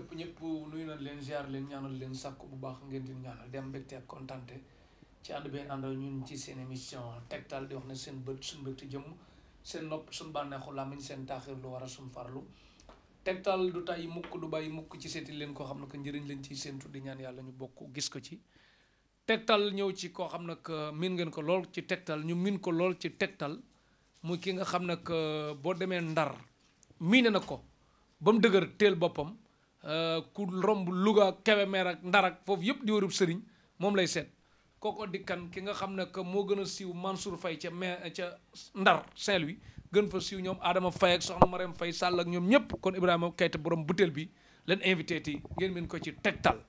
këpp ñëpp nuyu na leen ziar leen ñaanal leen sàkku bu baax ngeen di ñaanal di am mbégte ci ànd benn ànd ñun ci seen émission tegtal di wax ne seen bët suñu mbégte jëm seen nopp suñu bànneexu làmmiñ seen taaxir lu war a suñu farlu tegtal du tàyyi mukk du bàyyi mukk ci seeti leen koo xam ne que njëriñ leen ci seen tuddi ñaan yàlla ñu bokk gis ko ci tegtal ñëw ci koo xam ne que miin ngeen ko lool ci tegtal ñu miin ko lool ci tegtal muy ki nga xam ne que boo demee ndar miine na ko ba mu dëgër teel boppam Euh, ku romb Louga Kébémer ak Ndar ak foofu yëpp di wërub sëriñ moom lay seet kooko di ki nga xam ne que moo gën a siiw Mansour fay ca mais ca Ndar Saint-Louis gën fa siiw ñoom Adama Faye ak soxna Marème fay sàll ak ñoom ñëpp kon Ibrahima Keita borom butéel bi leen invité ti ngeen mën ko ci tegtal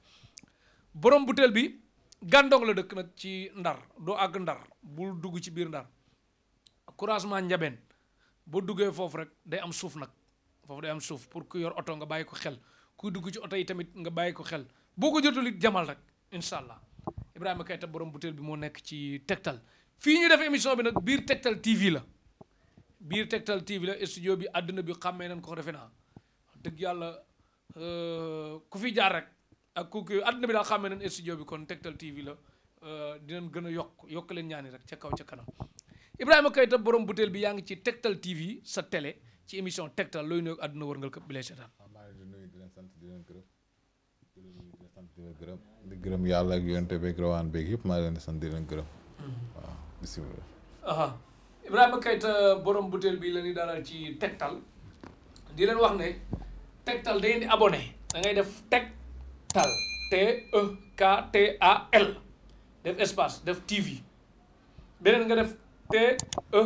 borom butéel bi gàndong la dëkk nag ci Ndar doo àgg Ndar bul dugg ci biir Ndar couragement njabeen boo duggee foofu rek day am suuf nag foofu day am suuf pour ku yor oto nga bàyyi ko xel ku dugg ci oto yi tamit nga bàyyi ko xel boo ko jotul it jamal rek incha allah Ibrahima Keita borom butéel bi moo nekk ci tegtal fii ñu def émission bi nag biir Tektal TV la biir Tektal TV la studio bi àdduna bi xàmmee nañ ko defe naa dëgg yàlla euh, ku fi jaar rek ak ku àdduna bi daal xàmmee nañ studio bi kon Tektal TV la euh, dinañ gën a yokk yokk leen ñaani rek ca kaw ca kanam Ibrahima Keita borom butéel bi yaa ngi ci Tektal TV sa tele ci émission Tektal looy nuyoog war wërngal këpp bi lay leen di leen sant di leen gërëm di gërëm yàlla ak yonte beeg rawaan di sant di leen gërëm waaw borom butéel bi la ñuy ci tegtal di leen wax ne tegtal da ngeen di abonné da ngay def tegtal T E K T A L def espace def TV beneen nga def T E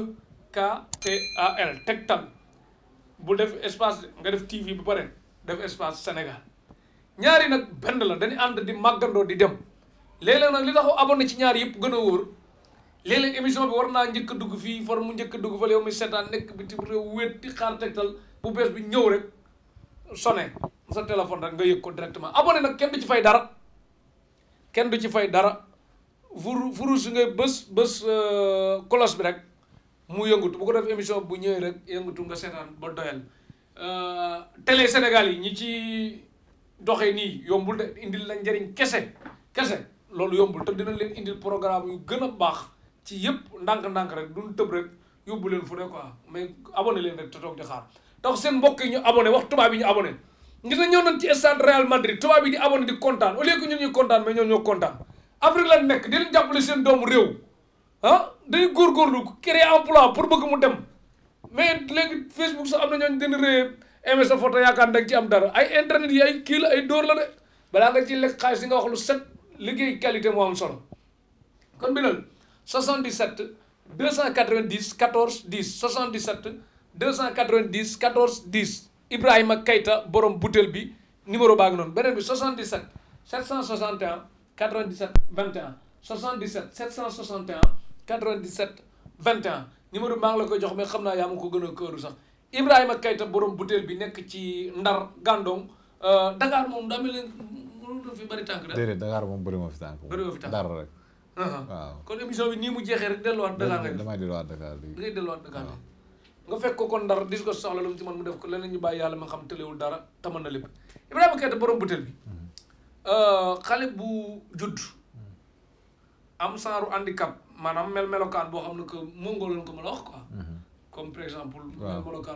K T A L tegtal bu def espace nga def TV bu pare def espace Sénégal ñaari nag benn la dañu ànd di màggandoo di dem léeg-léeg nag li tax abonné ci ñaar yëpp gën a wóor léeg-léeg émission bi war naa njëkk dugg fii far mu njëkk a dugg fa yow mi seetaan nekk bitim réew wéet di xaar tegtal bu bees bi ñëw rek sone sa téléphone rek nga yëg ko directement abonné nag kenn du ci fay dara kenn du ci fay dara furu furu su ngay bës bës kolos euh, bi rek mu yëngatu bu ko def émission bu ñëwee rek yëngatu nga se ba doyal Euh, télé Sénégal yi ñi ci doxee nii yombul de indil la njariñ kese kese loolu yombul te dina leen indil programme yu gën a baax ci yëpp ndànk-ndànk rek duñ tëb rek yóbbu leen fu ne quoi mais abonné leen rek te toog di xaar donc seen mbokk yi ñu abonné wax tubaab yi ñu abonné ngir na ñëw nañ ci stade Real Madrid tubaab yi di abonné di kontaan au lieu que ñun ñuy kontaan mais ñoo ñoo kontaan Afrique la nekk di leen jàppale seen doomu réew ah dañuy góorgóorlu créer emploi pour bëgg mu dem mais léegi Facebook sax am na ñooñu gën a rëy m sa photo yaakaar da ci am dara ay internet yi ay kii la ay dóor la de balaa nga ciy lekk xaalis yi nga wax lu set liggéey qualité moo am solo kon bi loolu 77 290 14 10 77 290 14 10 Ibrahima Keita borom butéel bi numéro baa ngi noonu beneen bi 77 761 97 21 77 vingt ans numéro maa ngi la koy jox mais xam naa yaa ma ko gën a këru sax Ibrahima Kayta borom butéel bi nekk ci Ndar Gandon euh, Dakar moom ni da déedéet Dakar moom bëri ma fi tànk bëri ma fi tànk dara uh-huh. kon émission bi mu jeexee rek delluwaat Dakar rek damay delluwaat Dakar léegi ngay delluwaat Dakar nga fekk ko kon Ndar dis ko soxla lu mu ci mën mu def ko leneen ñu bàyyi yàlla ma xam tëlewul dara taman na lépp Ibrahima Kayta borom butéel bi mm-hmm. euh, xale bu judd mm-hmm. am saaru handicap maanaam mel melokaan boo xam mhm. mel melokaan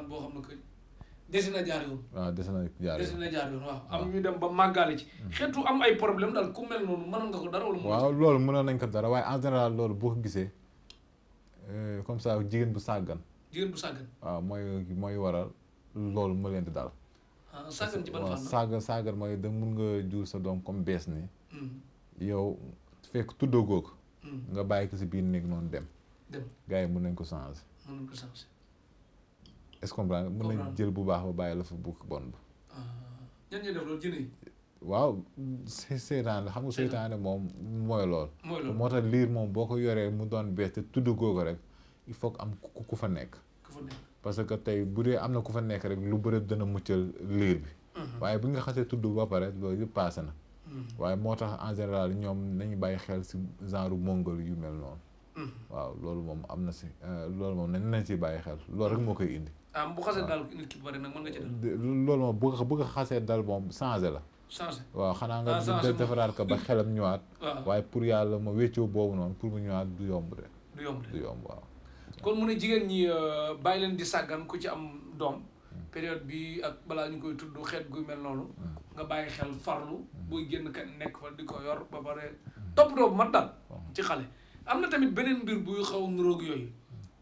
boo xam ne na jaar yoon. waaw dese na na jaar dem ba màggaale mhm. am ay problème daal ku ko loolu mënoon nañ ko dara waaye en général loolu boo gisee euh, comme ça jigéen bu sàggan. jigéen bu mooy mooy waral loolu leen di daal. ah sàggan ci ban fànn. mun nga jur sa doom comme bees ni mhm. yow fekk tuddoo googu. Hmm. nga bàyyi ko si biir néeg noonu dem. dem mun nañ ko changer. mën nañ est-ce que mën nañ jël bu baax ba bàyyi la fa bukk bon ba. Ah. ñan ñoo def loolu waaw seytaan la xam nga moom mooy lool. moo tax liir moom boo ko yoree mu doon bees te tudd googu rek il faut que am ku fa nekk. ku fa parce que tey bu dee am na ku fa nekk rek lu bëri dana muccal liir bi. Hmm. waaye bu nga xasee tudd ba pare loolu yëpp paase na. Mm-hmm. waaye moo tax en général ñoom nañu bàyyi xel si genre mongol yu mel noonu. Mm-hmm. waaw loolu moom am na si euh, loolu moom nañ nañ si bàyyi xel loolu rek moo koy indi. ah bu xasee daal nit ki dal. loolu moom bu xasee dal moom changé la. changé waaw xanaa nga ah, defaraat ko ba xelam ñëwaat. waaye pour yàlla ma wéccoo boobu noonu pour mu ñëwaat du yomb de. du yomb de du yomb waaw. kon mu ne jigéen ñi euh, bàyyi leen di sàggan ku ci am doom. période bi ak balaa ñu koy tudd xeet gu mel noonu hmm. nga bàyyi xel farlu hmm. booy génn ka nekk fa di ko yor ba pare toppatoo bu mat daal hmm. ci xale am na tamit beneen mbir buy xaw nuróog yooyu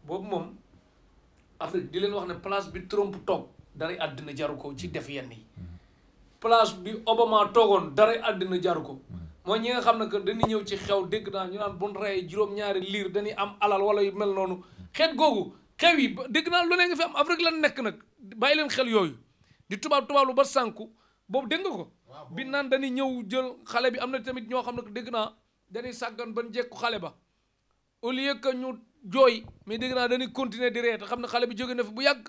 boobu moom Afrique di leen wax ne place bi tromp toog dara àddina jaru ko ci def yenn yi place bi Obama toogoon dara àddina jaru ko mooy ñi nga xam ne que dañuy ñëw ci xew dégg naa ñu naan bu ñu juróom-ñaari liir dañuy am alal wala yu mel noonu xeet googu xew yi dégg naa lu ne nga fi am nekk nag bàyyi leen xel yooyu di tubaab tubaab lu ba sànku boobu dégg nga ko. bi naan dañuy ñëw jël xale bi am na tamit ñoo xam ne dégg naa dañuy sàggan ban jekku xale ba au lieu que ñu jooy mais dégg naa dañuy continuer di ree xam ne xale bi jóge na fi bu yàgg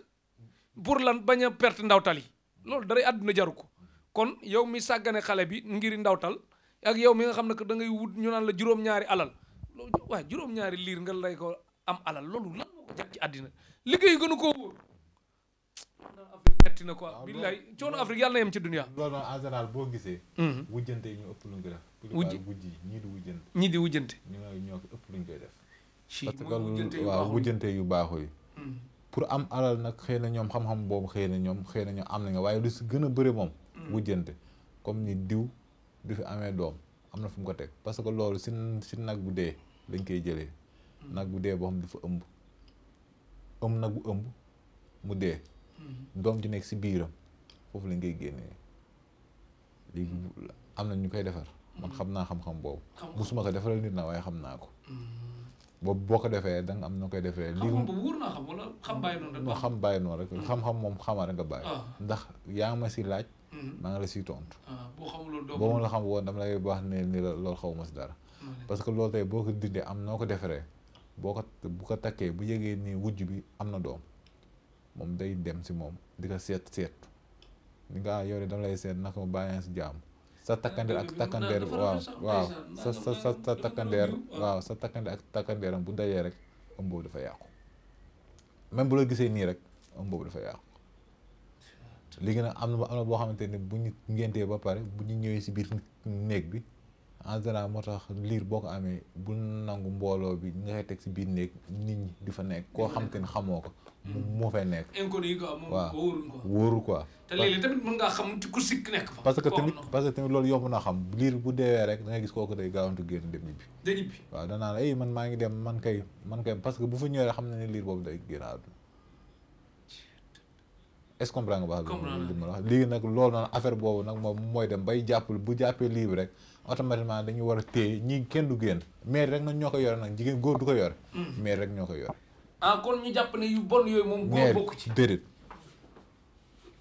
pour lan bañ a perte ndawtal yi loolu daray àdduna jaru ko kon yow mi sàggane xale bi ngir ndawtal ak yow mi nga xam ne que da ngay wut ñu naan la juróom-ñaari alal loolu waaw juróom-ñaari liir nga lay ko am alal loolu lan moo ko ci àddina liggéey gënu koo wóor Afrique metti na ah, quoi. billaay coono Afrique yàlla na yem ci dunia. loolu noonu en général boo gisee. Hmm. wujjante yi ñu ëpp lu ngi def. wujj ñii di wujjante. ñii di wujjante. ñoo ko ëpp lu ñu koy def. parce que waaw wujjante yu baaxul hmm. pour am alal nag xëy na ñoom xam-xam boobu xëy na ñoom xëy na ñoom am na nga waaye lu si gën a bëri moom. Hmm. wujjante comme ni diw du fi amee doom am na fu ko teg parce que loolu si si nag bu dee lañ koy jëlee. nag bu dee boo xam dafa ëmb. ëmb nag bu ëmb mu dee. doom ji nekk si biiram foofu la ngay génne léegi hmm. am na ñu koy defar man xam naa xam-xam boobu musuma ko defaree nit na waaye xam naa ko hmm. boobu boo ko defee da am na koy defee léegi xam hmm. bàyyi noonu rek xam-xam moom xamaa rek nga bàyyi ah. ndax yaa ma si laaj maa ngi la si tontu ah, boo ma la xam woon dama lay baax ne ni la loolu xaw ma si dara parce que loolu tay boo ko dindee am noo ko defaree boo ko bu ko takkee bu yëgee nii wujj bi am na doom moom day dem si moom di ko seet seet ni nga yow de dama lay seet naka ma bàyyi si jàmm sa takkandeer ak takkandeer waaw waaw sa sa sa takkandeer sa takkandeer ak takkandeeram bu dajee rek ëm boobu dafa yàqu même bu la gisee nii rek ëm boobu dafa yàqu léegi nag am na am na boo xamante ne bu ñu ngentee ba pare bu ñu ñëwee si biir néeg bi en général moo tax liir boo ko amee bu nangu mbooloo bi nga koy teg ci biir néeg nit ñi di fa nekk koo xam te ni xamoo ko. moo mm. fay nekk. inconnu yi quoi moom wóorul quoi wóorul parce que tamit parce que tamit loolu yomb na xam liir bu deewee rek da gis kooku day gaawantu génn dem ñibbi. dem ñibbi waaw danaa la man maa ngi dem man kay man kay parce que bu fa ñëwee xam na ne liir boobu day génn àdduna. est-ce nga baax. comprendre léegi nag loolu noonu affaire boobu nag moom mooy dem bay jàppale bu jàppee liir rek automatiquement dañu war a téye ñii kenn du génn maire rek nag ñoo ko yore nag jigéen góor du ko yore. Mm-hmm. maire rek ñoo ko yore. ah kon ñu jàpp ne yu bon yooyu moom. góor bokk ci déedéet.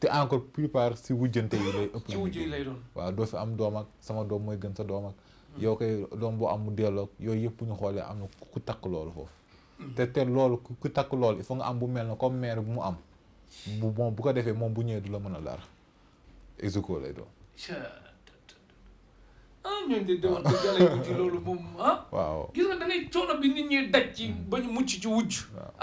te encore plupart si wujjante yi lay ëpp. lay doon waaw doo fi am ak sama doom mooy gën sa doom ak. Mm-hmm. yow koy doom boo am mu yooyu yëpp ñu xoolee am na ku takk loolu foofu. Mm-hmm. te te loolu ku takk loolu il faut nga am bu mel ne comme maire bu mu am. bu bu ko defee moom bu ñëwee du la mën a dara. execo lay doon. ah ñooñu de de wax dëgg yàlla yi ci loolu moom ah. waaw gis nga da ngay coono bi nit ñi daj ci hmm. ba ñu mucc ci wujj.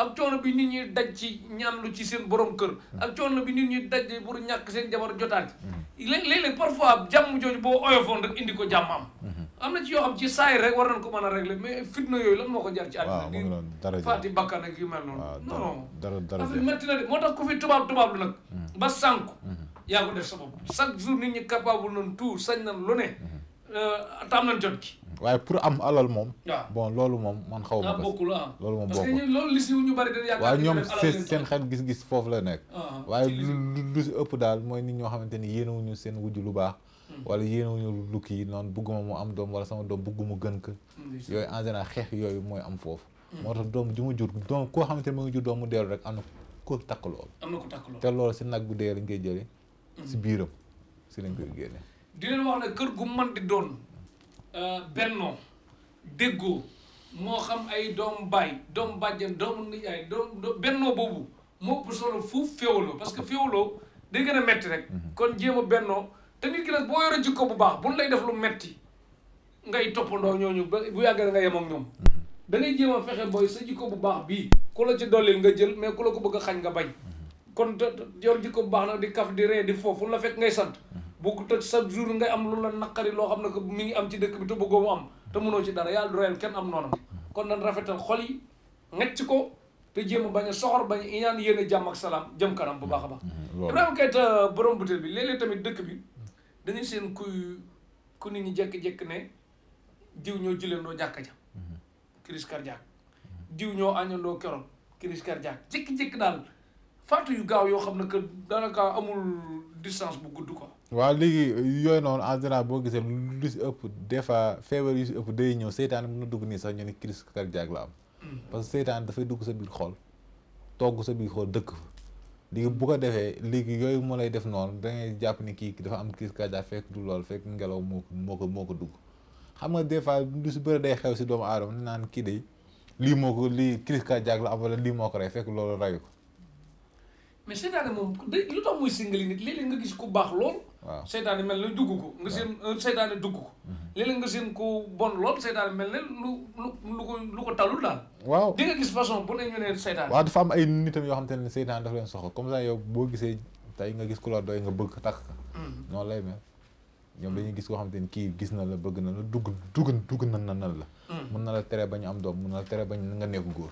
ak coono bi nit ñi daj ci ñaanlu ci seen borom kër. Hmm. ak coono bi nit ñi daj pour ñàkk seen jabar jotaat. Hmm. léeg-léeg parfois jàmm jooju boo oyofoon rek indi ko jàmm am. am na ci yoo xam ci saay rek war nañ ko mën a régler mais fitna yooyu lan moo ko jar ci àddina di faati bakkan ak yu mel noonu non non dara dara affaire métti na de moo tax ku fi tubaab tubaab lu nag ba sànku yaa ko def sa bopp chaque jour nit ñi capable nañ tout sañ nañ lu ne Euh, tam nañ jot waaye pour am alal moom. bon loolu moom man xaw ma ah, ko ah. loolu moom bokkul loolu li si ñu bari dañuy yaakaar waaye ñoom seen xel gis-gis foofu la nekk. Ah, waaye lu lu ëpp daal mooy nit ñoo xamante ni yéenewuñu seen wujj lu baax. Hmm. wala yéenewuñu lu kii noonu bugguma mu am doom wala sama doom bugguma gën ko. Hmm, yooyu en xeex yooyu mooy am foofu. Hmm. moo tax doom ji jur doom koo xamante ni mu ngi jur doom mu dellu rek am na ko takk lool. am na lool te loolu si nag bu dee lañ koy jëlee. si biiram si lañ koy génne. di leen wax ne kër gu man di doon euh, bennoo déggoo moo xam ay doom baay doom bàjjen doom nijaay doom bennoo boobu moo ëpp solo fuuf féewaloo parce que féewaloo day gën a metti rek mhm. kon jéem a bennoo te nit ki nag boo yore jikko bu baax buñ lay def lu metti ngay toppandoo ñooñu ba bu yàgg nga yem ñoom mhm. da ngay jéem a fexe booy sa bu baax bii ku la ci dollil nga jël mais ku la ko bëgg a xañ nga bañ mhm. kon yor jikko bu baax nag di kaf di ree di foofu la fekk ngay sant bokkut ak chaque jour ngay am lu la naqari loo xam ne que mi ngi am ci dëkk bi te bëggoo mu am te mënoo ci dara yàlla du reyal kenn am noonam kon nan rafetal xol yi ngecc ko te jéem a bañ a soxor bañ a yéen a salaam jëm kanam bu baax a baax mm-hmm. Mm-hmm. Ibrahima Keita borom butéel bi léeg-léeg dëkk bi dañuy seen kuy ku nit ñi jekk-jekk ne diw ñoo juleendoo jàkka ja mm-hmm. crise ñoo añandoo keroog crise cardiaque jékki-jékki daal faatu yu gaaw yoo xam ne que daanaka amul distance bu gudd ko waaw lii yooyu noonu en général boo gisee lu si ëpp des fois feebar yu si ëpp day ñëw seytaan mën na dugg nii sax ñu crise cardiaque la am. Mm-hmm. parce que seytaan dafay dugg sa biir xol togg sa biir xol dëkk fa. bu ko defee léegi yooyu moo lay def noonu jàpp ni kii dafa am crise cardiaque fekk du lool fekk ngelaw moo ko moo ko moo ko dugg. xam nga des fois lu si bëri day xew si doomu aadama naan kii de lii moo ko lii crise cardiaque la am wala lii moo ko rey fekk loolu rayu mais seytaane moom lu tax muy singali nit léeg-léeg nga gis ku baax lool. waaw seytaane mel na dugg ko. dugg ko. Mhm. nga seen ku bon lool mel ne lu lu ko lu ko talul daal. waaw di nga am ay nitam yoo xam te ne seytaane dafa leen soxla comme ça yow boo gisee tey nga gis ku la doy nga bëgg takk. Mhm. noonu lay mel. ñoom dañuy gis koo xamante ni kii gis na la bëgg na la dugg dugg dugg na na la. Mhm. mën na la tere ba ñu am doom mën na la tere ba ñu nga nekk góor.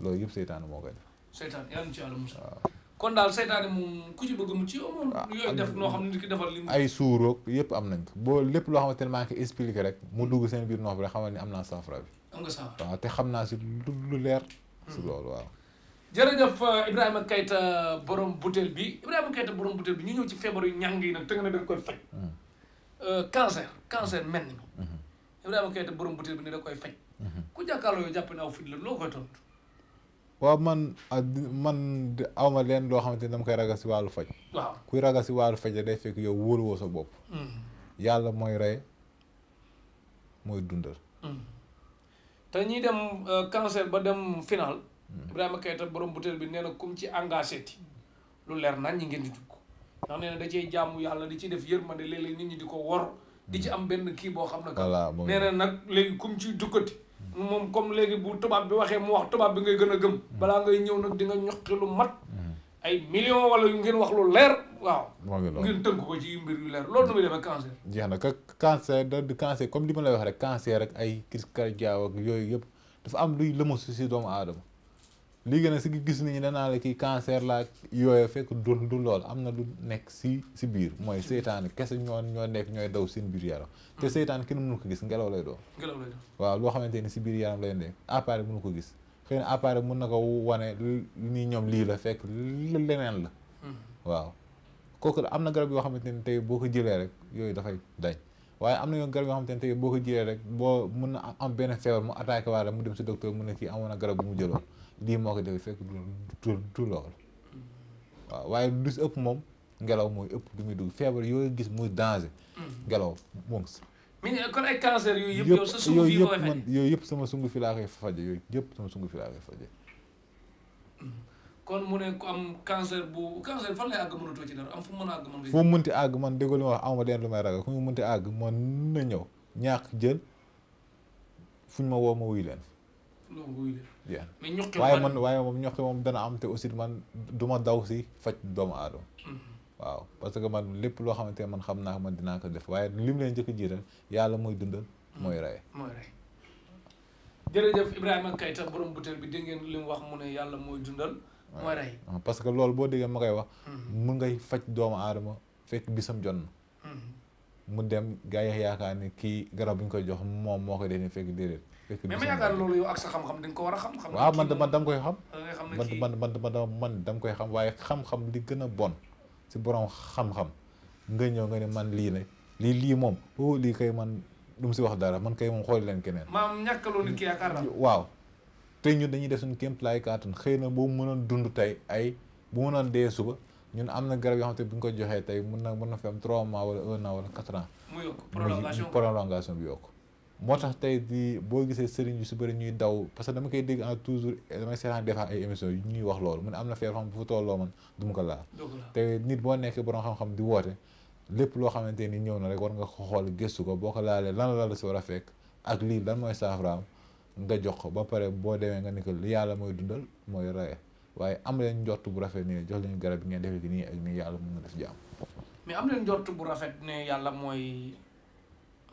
loolu yëpp seytaane moo koy def. seytaane yàlla na ci yàlla musal. kon daal seytaane moom ku ci bëgg mu ci ah, yooyu def noo xam ne nit ki defar li ay suuroog yëpp am nañ ko boo lépp loo xam ne maa ngi koy expliqué mu dugg seen biir nox bi rek xamal ni am naa saafara bi am nga saafara waaw te xam naa si lu lu leer si hmm. loolu waaw jërëjëf euh, Ibrahima Keita borom butéel bi Ibrahima borom butéel bi ñu ñëw ci feebar yu ñàng yi te nga ne da nga koy faj hmm. euh, cancer cancer mel hmm. borom butéel bi ne da koy faj ku jàkkaarloo yow jàpp ne aw fit la loo koy tontu waaw man man aw ma leen loo xamante ni dama koy ragal si wàllu faj. waaw kuy ragal si wàllu faj day fekk yow wóoluwoo sa bopp. Mm-hmm. yàlla mooy rey mooy dundal. Mm-hmm. te ñiy dem euh, cancer ba dem final. Mm-hmm. Ibrahima Keita borom butéel bi nee na kum ci engagé ti lu leer nañ ñi ngeen di dugg ndax nee na da cey jaamu yàlla di ci def yërmande léeg-léeg nit ñi di ko wor. di ci am benn kii boo xam ne. voilà nee na nag léegi kum ci duggati. moom comme léegi bu tubaab bi waxee mu wax tubaab bi ngay gën a gëm balaa ngay ñëw nag di nga ñoqi lu mag mm. ay million wala yu ngeen wax lu leer waaw ngeen tënk ko ci mbir yu leer loolu nu muy demee cancer jeex na que cancer da di comme li ma lay wax rek cancer rek ay crise cardiaque ak yooyu yëpp dafa am luy lëma su si doomu aadama lii léegi nag si gis nañu danaa la kii cancer la yooyu fekk du du lool am na lu nekk si si biir mooy seytaane kese ñoo ñoo nekk ñooy daw seen biir yaram. te hmm. seytaan kenn mënu ko gis ngelaw lay doon. ngelaw lay doon loo xamante ni si biir yaram lay nekk appareil mënu ko gis xëy na appareil na ko wane ni ñoom lii la fekk leneen la. Hmm. waaw kooku am na garab yoo xamante ni tey boo ko jëlee rek yooyu dafay dañ. waaye am na yoon garab yoo xamante ne tey boo ko jëlee rek boo mën na am benn feebar mu attaqué waale mu dem si docteur mu ne kii amoon na garab mu jëloon. lii moo ko def fekk du du waaye lu si ëpp ngelaw mooy ëpp feebar yooyu gis muy danger. Mm-hmm. ngelaw moom yëpp yow sa sungu yëpp sama sungu fii laa koy fajee sungu fii laa mm-hmm. mu ne ku am bu cancer fan lay àgg fu mu a àgg man. fu mu mënti àgg man déggoo li ma wax amuma may ragal fu mu mënti àgg man na ñëw ñàkk jël fuñ ma woo ma wuyu leen. mais ñoq waaye man waaye moom ñoq moom dana am te aussi man du ma daw si faj doomu aadama. Mm-hmm. waaw parce que man lépp loo xamante ne man xam naa man dinaa ko def waaye lim leen njëkk a jiital yàlla mooy dundal. Mm-hmm. mooy rey mooy rey. jërëjëf Ibrahima butéel bi dégg li mu wax mu ne yàlla mooy dundal. mooy ah, parce que loolu boo déggee ma koy wax. Mm-hmm. mu ngay faj doomu aadama fekk bisam jot na. mu dem gaa yi yaakaar ne kii garab buñ ñu koy jox moom moo ko def fekk déedéet. mais ma yaakaar loolu yow ak sa xam-xam da nga ko war a xam. xam waaw man man koy xam. man man man xam waaye xam-xam li gën a bon si borom xam-xam nga ñëw nga ne man lii na lii lii moom oh lii kay man du mu si wax dara man kay moom xool leen keneen. maam waaw. te ñu dañuy def suñu kéemtalaay kàttan xëy na boo mënoon dund tey ay bu mënoon dee suba ñun am na garab yoo xam te bu ñu ko joxee tey mun na mën na fi am 3 mois wala 1 an wala 4 ans. muy prolongation prolongation bi yokk. moo tax tey di boo gisee sëriñ yu si bëri ñuy daw parce que dama koy dégg en toujours damay seetaan des fois ay émissions yu ñuy wax loolu mu ne am na feer xam bu fa tolloo man du mu ko laal te nit boo nekkee borom xam-xam di woote lépp loo xamante ni ñëw na rek war nga ko xool gëstu ko boo ko laalee lan la la si war a fekk ak lii lan mooy saafaraam nga jox ko ba pare boo demee nga ni ko li yàlla mooy dundal mooy raye waaye am leen njort bu rafet nii jox leen garab yi ngeen defee nii ak yàlla mën na def am leen njort bu yàlla mooy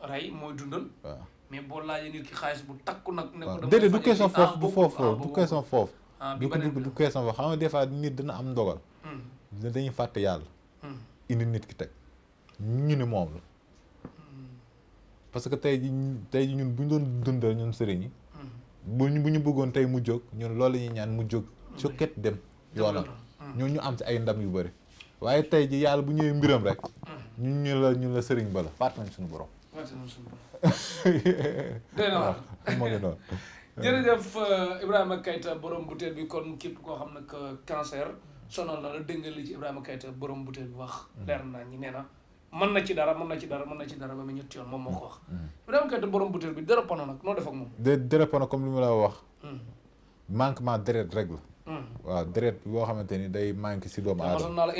rey mooy dundal waaw mais boo laajee xaalis bu takku nag. ne ko déedéet du ah, ah, question foofu ah, du foofu du question foofu. du ko du question foofu xam nga des fois nit dina am ndogal. Hmm. dañuy fàtte yàlla. Hmm. indi nit ki teg ñu ni moom la. Hmm. parce que tey ji tey ñun bu ñu doon dundal ñun sëriñ yi. bu ñu bu ñu bëggoon tey mu jóg ñun loolu la ñuy ñaan mu jóg. sokket dem yoonam. ñoo ñu am ci ay ndam yu bëri. waaye tey ji yàlla bu ñëwee mbiram rek. ñu ñu la ñu la sëriñ ba la fàtte nañ suñu borom. day na waaw jërëjëf euh, Ibrahima Keita borom butéel bi kon képp koo xam ne que cancer sonal na la dëngal li ci Ibrahima Keita borom butéel bi wax. Mm. leer na ñi nee na mën na ci dara mën na ci dara mën na ci dara ba mu ñetti yoon moom moo ko wax. Mm. Mm. Ibrahima Keita borom butéel bi dara pono nag noo def ak moom. de dara pono comme li ma la wax. manquement deret rek la. waaw deret boo xamante ni day manqué si doomu aadama.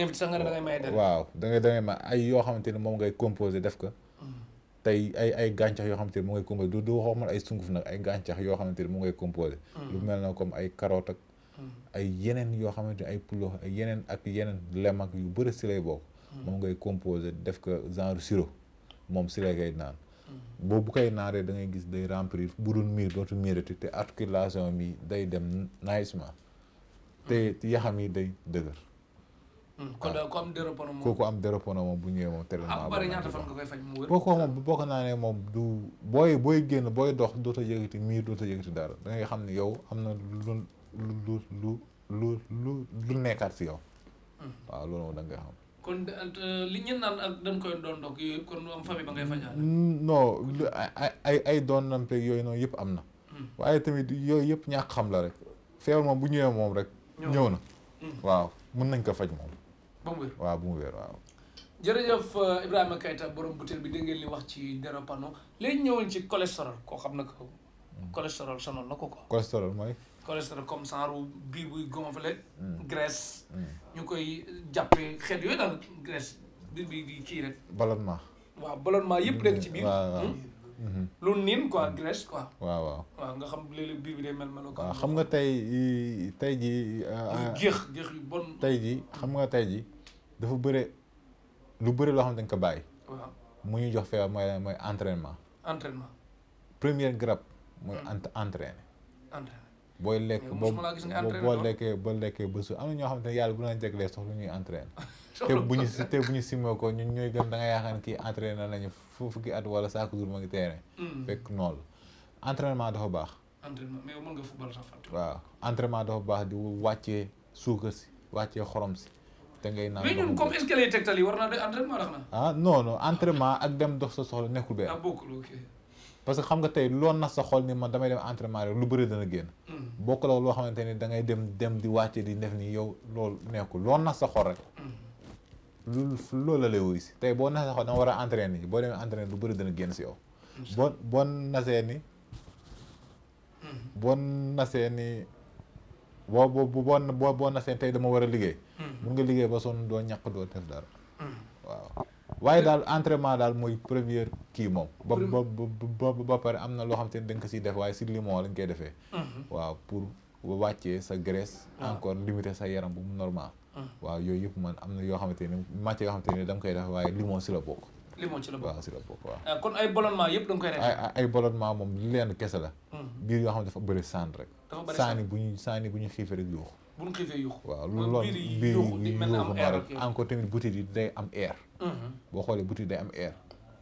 waaw da ngay da ngay may ay yoo xamante ni moom ngay composé def ko. tey ay ay gàncax yoo xam ni mu ngay composé du du xoomal ay sunguf nag ay gàncax yoo xamante ni mu ngay composé mm. lu mel na comme ay carotte ak mm. ay yeneen yoo xamante ni ay pulo ay yeneen ak yeneen lem ak yu bëri si lay bokk mm. moom ngay composé def ko genre siro moom si lay koy naan bu koy naaree da ngay gis day remplir bu dul miir dootu miirati te articulation mi day dem nagisement te yaxam yi day dëgër Hmm, kon ah. am dérapona am dérapona moom bu ñëwee moom. traitement ah, bari ñaata fan nga koy faj moom naanee moom booy booy génn booy dox dootoo yëgati dara da ngay ne yow am na lu lu lu lu lu lu nekkaat si yow. Hmm. waaw loolu moom da nga xam. Euh, yooyu kon hmm, yëpp am na. waaye tamit yooyu yëpp ñàkk xam la rek feebar moom bu ñëwee moom rek. ñëw na waaw mën nañ ko faj moom. ba mu wér waaw bu mu wér waaw. jërëjëf uh, Ibrahima borom butéel bi dégg ngeen li wax ci Dérapano léegi ñëwoon ci cholestérol koo xam na ko. Hmm. cholestérol sonal na ko ko. cholestérol mooy. cholestérol comme genre bii buy gonflé. Hmm. graisse. Hmm. ñu koy jàppee xet yooyu daal graisse biir bi kii rek. ballonnement. waaw ballonnement yëpp nekk ci biir. lu niin quoi graisse quoi. waaw waaw nga xam léeg-léeg biir bi day mel melo. waaw xam nga tey tey jii. Uh, uh, géex géex yu bon. tey ji xam nga tey jii. dafa bëre lu bëre loo xam ne dañ ko bàyyi. mu ñu jox feebar mooy mooy entraînement. entraînement. première garab. mooy hmm. entraîner. entraîner booy lekk boo boo lekkee boo lekkee ba suuf am na ñoo xam ne yàlla bu naa jéglee soxla ñuy entraîner. te bu ñu te bu ñu simee ko ñun ñooy gën da nga yaakaar ne kii entraîner nañu fukki at wala saako jour ma ngi terrain. Hmm. fekk noonu entraînement dafa baax. entraînement mais mën nga football sax fàtte. waaw entraînement dafa baax di wàccee suukar si wàccee xorom si. te ngay naan mais ñun comme est-ce que lay tegtal war naa de ah, entraînement ak dem dox sa soxla nekkul benn. ah parce que xam nga tey loon na sa xol ni man damay dem entraînement rek lu bëri dana génn. Hmm. bokkul loo xamante ne da ngay dem dem di wàcce di def nii yow loolu nekkul loon na sa xol rek. Hmm. lu loolu la lay wuyu si tey boo nas sa xol dama war a entraîner boo demee entraîner lu bëri dana génn si yow. bon bon nasee ni. Hmm. bon nasee ni. boo boo bu boo boo boo nasee tey dama war a liggéey. Hmm. mun nga liggéey ba sonn doo ñàkk doo def dara. Hmm. waaw waaye daal entraînement daal mooy première kii moom. ba ba ba pare am na loo xam te ne da nga siy def waaye si limon lañ koy defee. Hmm. waaw pour wàccee sa graisse. Ah. encore limiter sa yaram bu mu normal. waaw yooyu yëpp man am na yoo xamante ne matière yoo xamante ne dama koy def waaye limon si la bokk. limon ci la bokk waaw ah, kon ay ballonnement yëpp da nga koy rey. ay ay ballonnement moom lenn kese la. Hmm. biir yoo xam ne dafa bëri saan rek. dafa bëri bu ñu saan bu ñu xiifee rek yuuxu. bu ñu xiifee yuuxu. waaw loolu biir yi yuuxu ma yi day am air. Hmm. boo xoolee butit day am air.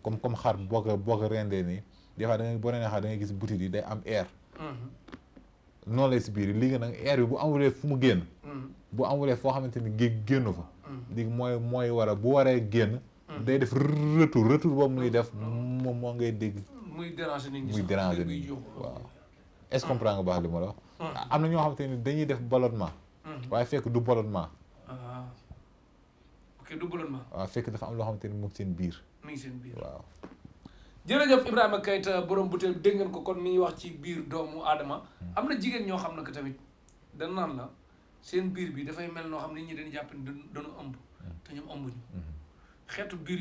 comme comme xar boo boo ko rendee nii des da ngay gis butit yi day am air. Hmm. noonu lay si biir léegi nag air bi bu amulee fu mu génn. bu amulee foo xamante ni génn fa. léegi mooy mooy war bu waree génn Hmm. day def retour retour boobu muy def moom moo ngay dégg. muy déranger nit ñi muy déranger nit ñi waaw. est-ce nga baax li ma la hmm. am na ñoo xamante ni dañuy def ballonnement. Hmm. waaye fekk du ballonnement. Ah. ok du ballonnement. waaw fekk dafa am loo xamante ni mu ngi seen biir. mu ngi seen biir waaw. jërëjëf Ibrahima Keita borom butéel dégg ngeen ko kon mi ngi wax ci biir doomu aadama am na jigéen ñoo xam ne que tamit dañ naan la seen biir bi dafay mel noo xam ne nit ñi dañuy jàpp ne dañu ëmb te ñoom ëmbuñu. xeetu biir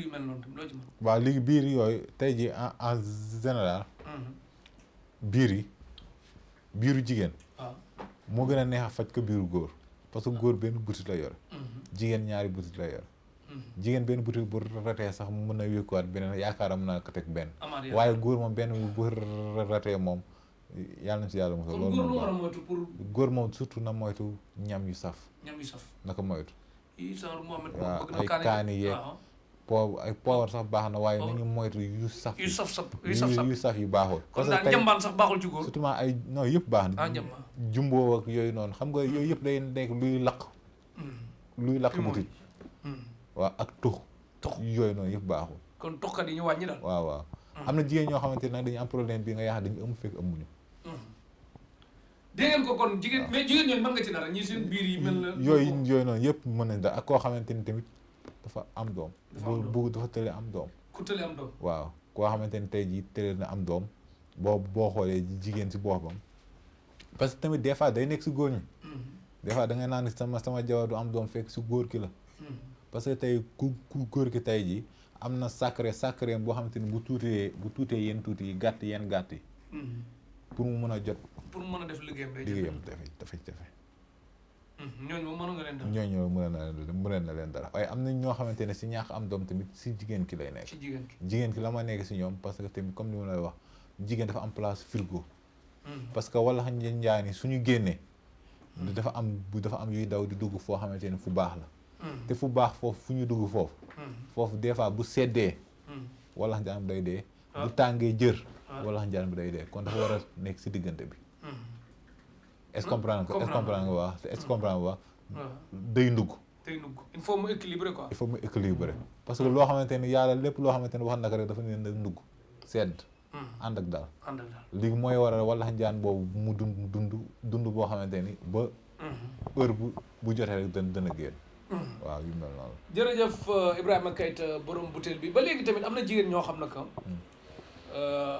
waaw léegi biir yooyu tey jii en en général. Mhm. biir yi biiru jigéen. waaw moo gën a neex a faj ko biiru góor. parce que góor benn butit la yor. Mhm. jigéen ñaari butit la yor. Mhm. jigéen benn butit bu ratee sax mu mën na wékkuwaat beneen yaakaaram mën naa ko teg benn. waaye góor moom benn bu ratee moom yàlla na si yàlla mu a. loolu moom góor moom pour. góor moom surtout na moytu ñam yu saf. ñam moytu. yi sànq ay kaani yeeg. poo ay poobar sax baax na waaye oh. nañu moytu yu saf. yu saf saf yu saf saf yu saf yu baaxul. parce que tey kon daal sax baaxul ci góor. surtout ay non yëpp baax na. ah njambaan jumbo yooyu noonu xam nga yooyu yëpp day nekk luy lakk. Hmm. luy lakk mutit. Hmm. waaw ak tux. tux yooyu noonu yëpp baaxul. kon tuxkat yi ñu wàññi daal. waaw hmm. na jigéen ñoo xamante ne dañu am problème bi nga yaakaar dañu ëmb fekk ëmbuñu. yooyu yooyu noonu yëpp mën nañ da ak koo xamante ni tamit dafa am doom. bu bu dafa tële am doom. ku tële waaw koo xamante ni tey jii tële na am doom boo boo xoolee jigéen ci boobam parce que tamit des fois day nekk si góor ñi. Mm-hmm. des fois da nga naan sama sama jabar du am doom fekk si góor ki la. Mm-hmm. parce que tey ku ku góor ki tey jii am na sacré sacré boo xamante ni bu tuutee bu tuutee yenn tuuti yi gàtt yenn gàtt yi. Mm-hmm. pour mu mën a jot. pour mën a def liggéeyam day jafe liggéeyam jafe. Hmm, ñooñu moom mënoon nga leen na leen mënoon na leen dara waaye am na ñoo xamante ne si ñaax am doom tamit si jigéen ki lay nekk. si jigéen ki jigéen ki la ma nekk si ñoom parce que tamit comme ni ma lay wax dafa am place frigo. Hmm. parce que wala xam njaani suñu génnee. dafa am bu dafa am yuy daw di dugg foo xamante ne fu baax la. Hmm. te fu baax foofu fu ñu dugg foofu. foofu des fois bu seddee. walax njaan bi day dee. Ah. bu tàngee jër. Ah. walax njaan bi day dee kon dafa war a nekk si diggante bi. est ce comprendre ko est ce comprendre ko waaw est day ndugg day ndugg mu équilibrer quoi parce que loo xamante ni yàlla lépp loo xamante ni wax na ko rek dafa ne na ndugg sedd mm. ànd ak daal ànd ak daal léegi mooy waral wala njaan boobu mu dund dund dund boo xamante ni ba mm-hmm. heure bu bu jotee rek dana dana génn mm. waa yu mel noonu jërëjëf euh, Ibrahima Keita borom butéel bi ba léegi tamit am na jigéen ñoo xam ne que mm. euh,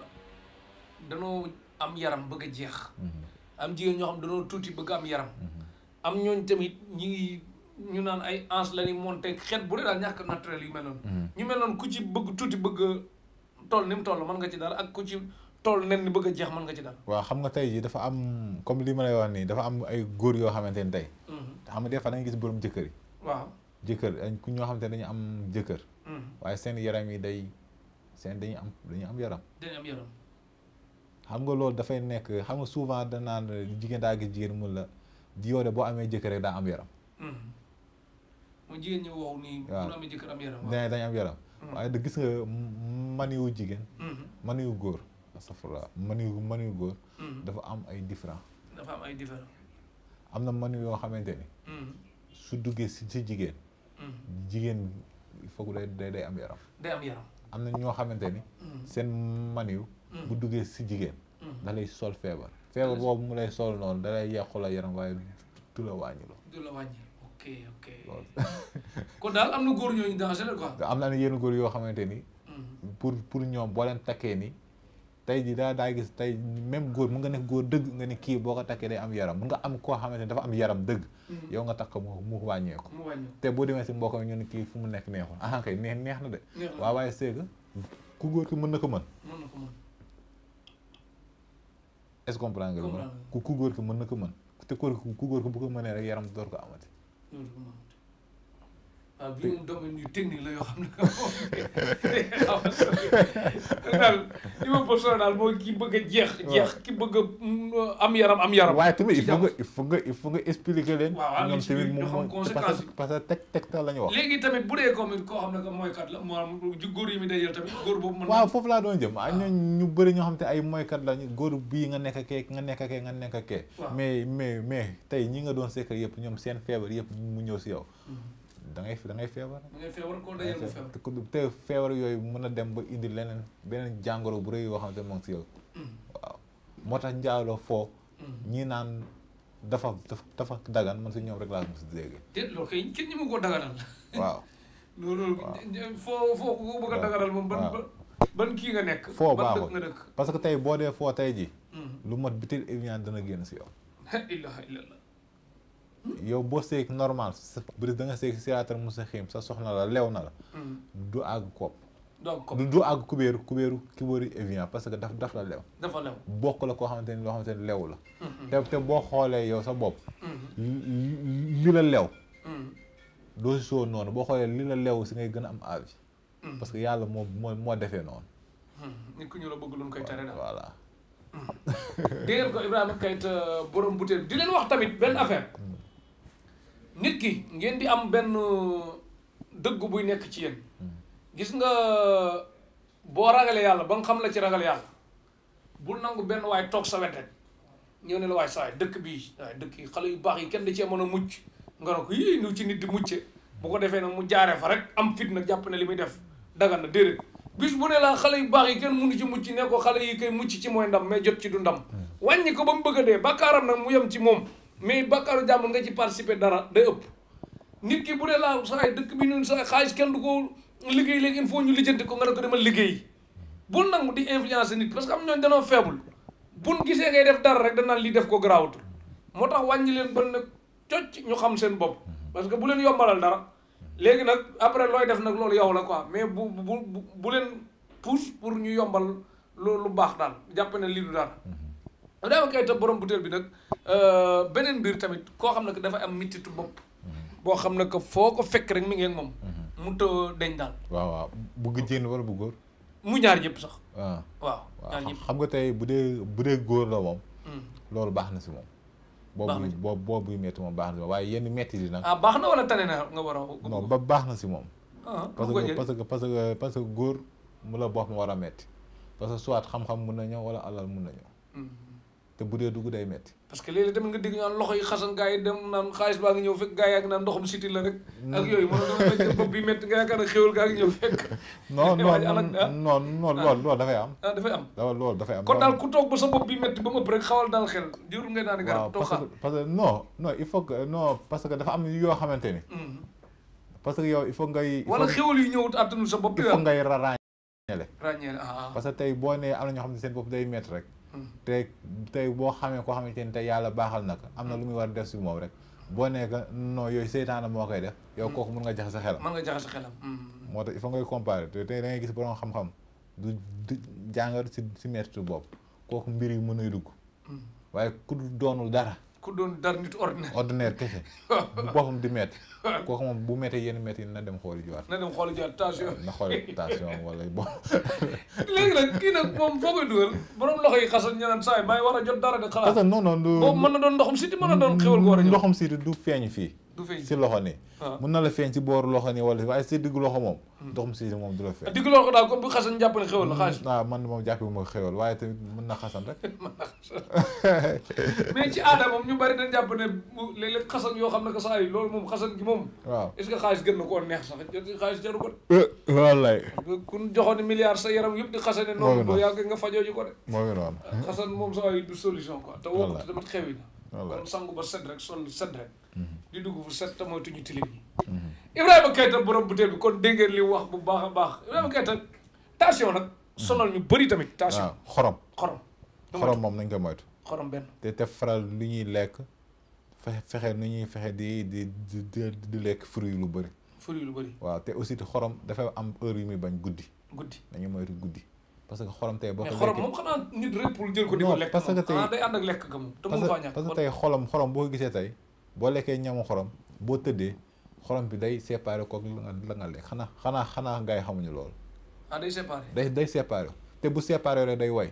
danoo am yaram bëgg a jeex mm-hmm. am jigéen ñoo xam dañoo tuuti bëgg am yaram mhm. am ñooñ tamit ñi ngi ñu naan ay ange la moon monté xeet bu dee daal ñàkk naturel yu mel noonu mhm. ñu mel noonu ku ci bëgg tuuti bëgg toll ni mu toll mën nga ci daal ak ku ci toll nen ni bëgg a jeex mën nga ci daal waa xam nga tey jii dafa am comme li ma lay wax nii dafa am ay góor yoo xamante ni tey mhm. xam nga des fa da gis borom jëkkër yi waa jëkkër ku ñoo xam ne dañu am jëkkër waaye seen yaram yi day seen dañu am dañu am yaram dañu xam nga loolu dafay nekk xam nga souvent danaan jigéen daa gis jigéen mun la di yow de boo amee jëkkër rek daa am yaram. mooy mm-hmm. jigéen ñi wow nii. waaw bu amee jëkkër am yaram. Mm-hmm. waaye da gis nga maniwu jigéen. Mm-hmm. maniwu góor. astafurlah maniwu maniwu góor. dafa am ay différent. dafa am ay différent. am na maniw yoo xamante ni. su duggee si si jigéen. jigéen il faut que day day am yaram. day am yaram. am na ñoo xamante ni. seen maniw. bu duggee si jigéen da lay sol feebar feebar boobu mu lay sol noonu da lay yàqu la yaram waaye du la wàññi la du la wàññi kon daal am na góor ñooñu danger la am na yenn góor yoo xamante ni mm. pour pour ñoom boo leen takkee ni tey jii daa daa gis tey même góor mun nga nekk góor dëgg nga ni kii boo ko takkee am yaram mun nga am koo xamante ne dafa am yaram dëgg mm. yow nga takk mu mu wàññeeku te boo demee si mbokk mi ñu ne kii fu mu nekk neexul ah kay neex na de waaw waaye ku góor ki mën na ko mën est ce comprendre nga. ku ku ki mën na ko mën te ku góor ki bu ko mënee rek yaram door ko amati. waaw ah, bii moom domaine la yoo daal li ma bëgg jeex. jeex ki bëgg mm, am yaram am yaram. waaye tamit il faut nga il faut nga il faut nga parce que parce que teg la ñu wax. léegi tamit koo xam ne que la maanaam góor yi mi foofu laa doon jëm ah ñooñu ñu bëri ñoo xam te ay moykat la ñu góor bii nga nekk kee nga nekk kee nga nekk kee. mais mais mais tey ñi nga doon sekk yëpp ñoom seen feebar yëpp mu ñëw si yow mm-hmm. da ngay da feebar. da ngay feebar kon day yëngu feebar. te yooyu mën a dem ba indi leneen beneen jàngoro bu rëy yoo xamante ne moom si yow. Mm. moo tax njaaloo foo. Mm. ñi naan dafa dafa dagan man si ñoom rek laa mos a déggee. déet loolu kay kenn ñu mën koo daganal. waaw foo foo ko bëgg a daganal moom ban ban kii nga nekk. foo baaxul ban parce que tey boo dee foo tey ji. Mm. lu mot bitil évian dana génn si yow. yow boo seeg normal sa brise da nga seeg siraatal mustaqiim sa soxna la lew na la. Mm. du àgg kopp. du du àgg kubéeru kubéeru ki parce que daf daf la lew. dafa lew bokk la koo xamante ni loo xamante ni la. Mm-hmm. boo xoolee yow sa bopp. Mm-hmm. li la lew. Mm. doo si soo boo xoolee li lew si ngay gën a am avis. Mm. parce que yàlla moo moo moo defee noonu. nit ku ñu la bëgg lu koy tere daal voilà. dégg ko nit ki ngeen di am benn dëggu buy nekk ci yéen hmm. gis nga boo ragalee yàlla ba nga xam la ci ragal yàlla bul nangu benn waay toog sa wet rek ñëw ne la waay saay dëkk bii waay dëkk yi xale yu baax yi kenn da cee mën a mucc nga ne ko yii ñu ci nit di mucce bu ko defee nag mu jaaree fa rek am fit nag jàpp ne li muy def dagan na déedéet bis bu ne la xale yu baax yi kenn mënu ci mucc ne ko xale yi koy mucc ci mooy ndam mais jot ci du ndam hmm. wàññi ko ba mu bëgg a dee bàkkaaram nag mu yem ci moom mais bàkkaaru jàmbur nga ci participer dara day ëpp nit ki bu dee laa saay dëkk bi ñun sa xaalis kenn du ko liggéey léegi il faut ñu lijjanti ko nga ne ko demal liggéey bul nangu di influencer nit parce que am ñooñu danoo faible buñ gisee ngay def dara rek danaan lii def ko garaawut moo tax wàññi leen ba nag cocc ñu xam seen bopp parce que bu leen yombalal dara léegi nag après looy def nag loolu yow la quoi mais bu bu bu leen pousse pour ñu yombal lu lu baax daal jàpp ne lii dara daa ma kay ta borom butéel bi nag euh, beneen mbir tamit koo xam ne que dafa am mititu bopp boo xam ne que foo ko fekk rek mi ngeen moom mhm. mu të deñ daal waaw waaw bëgg jigéen wala bu góor mu ñaar ñëpp sax ah. waaw ñaar xam nga tey bu dee bu dee góor la moom hmm. loolu baax na si moom boobu boobu boobu metti moom baax na si moom waaye yenn metti di ah baax na wala tane na nga war a ba baax na si moom ah, ah, parce que parce que parce que parce que góor mu la bopp ma war a metti parce que soit xam-xam mun na ñëw wala alal mun na ñëw hmm. te bu dee dugg day metti parce que léeg tamit nga dégg naan loxo yi xasan gaa yi dem naan xaalis baa ngi ñëw fekk gaa yi ak naan ndoxum siti la rek ak mm. yooyu mën nga dafay am ah dafay am waaw loolu dafay am kon daal ku toog ba sa bopp bi metti ba mu rek xawal daal xel jurul ngay naan garab toog xaar parce que non non il faut que non parce que dafa am yoo xamante ni mm-hmm. parce que yow il faut ngay wala xéwal yu ñëwut attanul sa bopp il faut ngay ràññeele ràññeele ah. parce que tey boo nee am na ñoo xam ne seen bopp day metti rek te tey boo xamee koo xamante ni tey yàlla baaxal na am na lu muy war a def si moom rek boo nekk non yooyu seytaane moo koy def yow kooku mën nga jaxe sa xelam mën nga jaxe sa xelam mm. moo tax il faut ngay comparer te tey da ngay gis borom xam-xam du jàngat si si mettre bopp kooku mbir yi mën nay dugg mm. waaye ku doonul dara ku doon dar nit ordinaire. ordinaire kese bu boppam di métti. kooku moom bu méttee yenn métti na dem xooli na dem xooli jiwaat tension na xooli tension wala bon. léegi nag kii nag moom foo koy dugal borom loxo yi xasan ñu naan saa war a jot dara de xalaat. parce que non non du boobu mën na doon ndoxum siti mën na doon xéwal ko war a ñëw. ndoxum siti du feeñ fii. si loxo ni ah. mun na la feeñ si booru loxo ni wala waaye si diggu loxo moom hmm. ndoxum si moom du la feeñ diggu loxo daal comme bu xasan jàpp ne xewal la hmm. xaaj ah, na xasan jàpp ne yoo xam ne que saa yi loolu moom xasan gi moom waaw est-ce xaalis gën na koo neex sax ko eh, joxoon milliard sa yaram yëpp di xasane noonu boo yàgg nga fajoo ko de moo ngi xasan moom saa yi du solution ko te woo tamit xewi na kon sangu ba set rek sonn set rek mhm. di dugg fu set te moytuñu tilim yi mhm. Ibrahima borom butéel bi kon dégg li wax bu baax a baax Ibrahima Keita tension nag mhm. sonal ñu bëri tamit tension ah, xorom xorom xorom moom nañ ko moytu xorom benn te te faral lu ñuy lekk fexe fexe nu ñuy fexe di di di lekk fruit lu bëri fruit lu bëri waaw te aussi xorom dafa am heure yu muy bañ guddi guddi nañu moytu guddi parce que xorom tey boo ko. mais xorom moom xanaa que tey ah, day ànd ak lekk ga moom. te boo ko gisee tey boo lekkee ñamu xorom boo tëddee xorom bi day séparé koog la nga lekk xanaa xanaa xanaa gars yi xamuñu loolu. ah day séparé day day séparé te bu séparé rek day way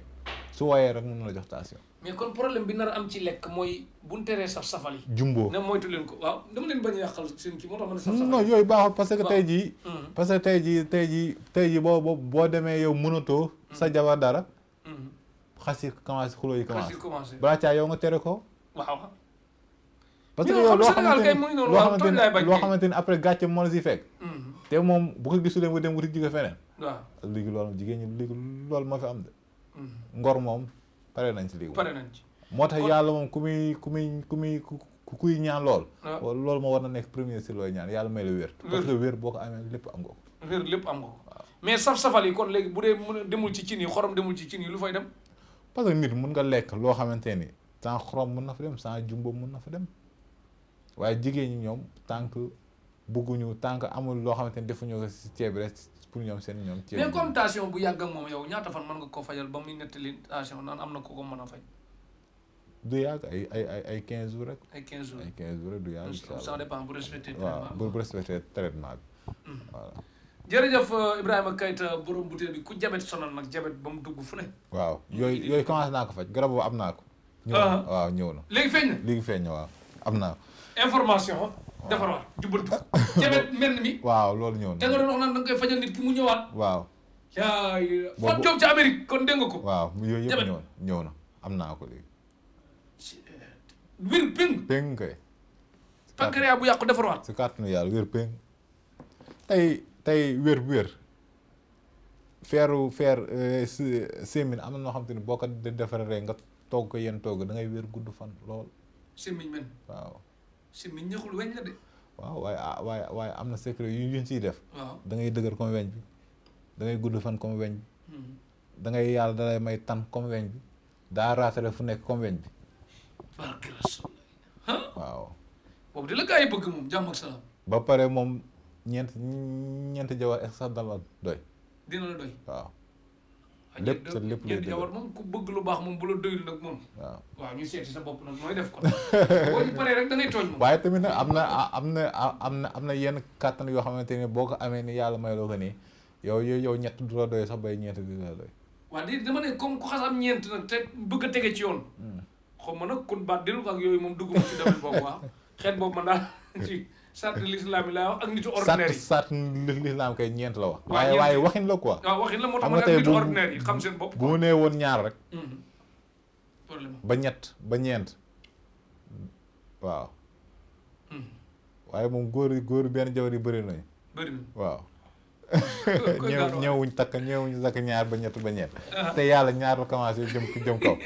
su wayee rek mën na la jox tension. mais kon problème bi nar a am lekk mooy bu ñu teree saf a yàqal moo tax ma ne saf safal yooyu baaxul parce que tey jii. Mm-hmm. parce que tey jii tey jii tey jii boo boo demee yow mënatoo sa jabar dara. Mhm. xas yi commencé xuloo yi commencé. balaa caa yow nga tere ko. waaw. parce que yow loo xamante ni loo xamante ni après gàcce moo la si fekk. Mhm. te moom bu ko gisulee mu dem wuti jigéen feneen. waaw léegi loolu jigéen ñi léegi loolu moo fi am de. Mhm. ngor moom pare nañ si léegi. pare nañ ci moo tax yàlla moom ku muy ku muy ku muy kuy ñaan lool. loolu moo war na nekk premier si looy ñaan yàlla may la wér. parce que wér boo ko amee lépp am nga lépp am nga mais saf-safal yi kon léegi bu dee mu demul ci cin yi xorom demul ci cin yi lu fay dem parce que nit mun nga lekk loo xamante ni sans xorom mun na fa dem sans jumbo mun na fa dem waaye jigéen ñi ñoom tant que bëgguñu tant amul loo xamante ni defuñu si ceeb rek pour ñoom seen ñoom ceeb mais comme tension bu yàgg ak moom yow ñaata fan mën nga ko fajal ba muy nettali tension naan am na ko ko mën a faj du yàgg ay ay ay ay quinze jours rek ay quinze jours ay quinze jours rek du yàgg ça dépend bu respecté waaw bu respecté traitement bi hmm. jërëjëf euh, Ibrahima Keita borom butéel bi ku jabet sonal nag jabet ba mu dugg fu ne. waaw yooyu yooyu commencé naa ko faj garab boobu am naa ko. ñëw na ah. waaw ñëw na. léegi feeñ na léegi feeñ na waaw am naa information. defar waat jubbantu loolu ñëw na da koy fajal nit ki mu ñëwaat. waaw. yaa yi Fatou Diop kon dégg nga ko. waaw yooyu yëpp ñëw na am naa ko léegi. wér péng. péng kay. pancréas bu yàqu defar waat. si kàttanu yàlla wér péng tey. tey wér gu wér feeru feer eh, sémmiñ am na noo xam te ni boo ko defaree nga togg ko yenn togg da ngay wér gudd fan lool. sémmiñ man waaw. weñ la de. waaw waaye ah waaye waaye am na secret yu ñu siy def. waaw da ngay dëgër comme weñ bi dangay gudd fan comme weñ bi. Hmm. da yàlla dalay may tan comme weñ bi daa raatale fu nekk comme weñ bi. waaw. boobu la gaa yi bëgg moom jàmm ak salaam. ba pare moom. ñeent ñeent jabar est-ce que sax dana la doy. dina la doy waaw. lépp sa lépp lay jawar moom ku bëgg lu baax moom bu la doyul nag moom waaw waaw ñu seeti sa bopp nag mooy def ko boo ñu paree waaye tamit nag am na am na am na am na yenn kàttan yoo xamante ni boo ko amee ni yàlla may loo ko nii yow yow yow ñett du la doy sax bay ñeent du la doy waaw di dama ne comme ku xas am ñeent nag te bëgg a tege ci yoon hmm. xaw ma nag kun baat delu ko ak yooyu moom dugguma ci domaine boobu waaw xeet boobu man daal ci sart lislaam yi laa wax ak nitu ordinaire yi sart lislaam kay ñeent la wax waaye waaye waxin la quoi waaw waxin la moo tax ma ne nitu woon ñaar rek mm-hmm. ba ñett mm-hmm. moom góor góor benn jabar yi bëri nañu bëri nañu waaw ñëw ñëwuñ takk ñëwuñ ñett ah. te yàlla ñaar la commencé jëm jëm kaw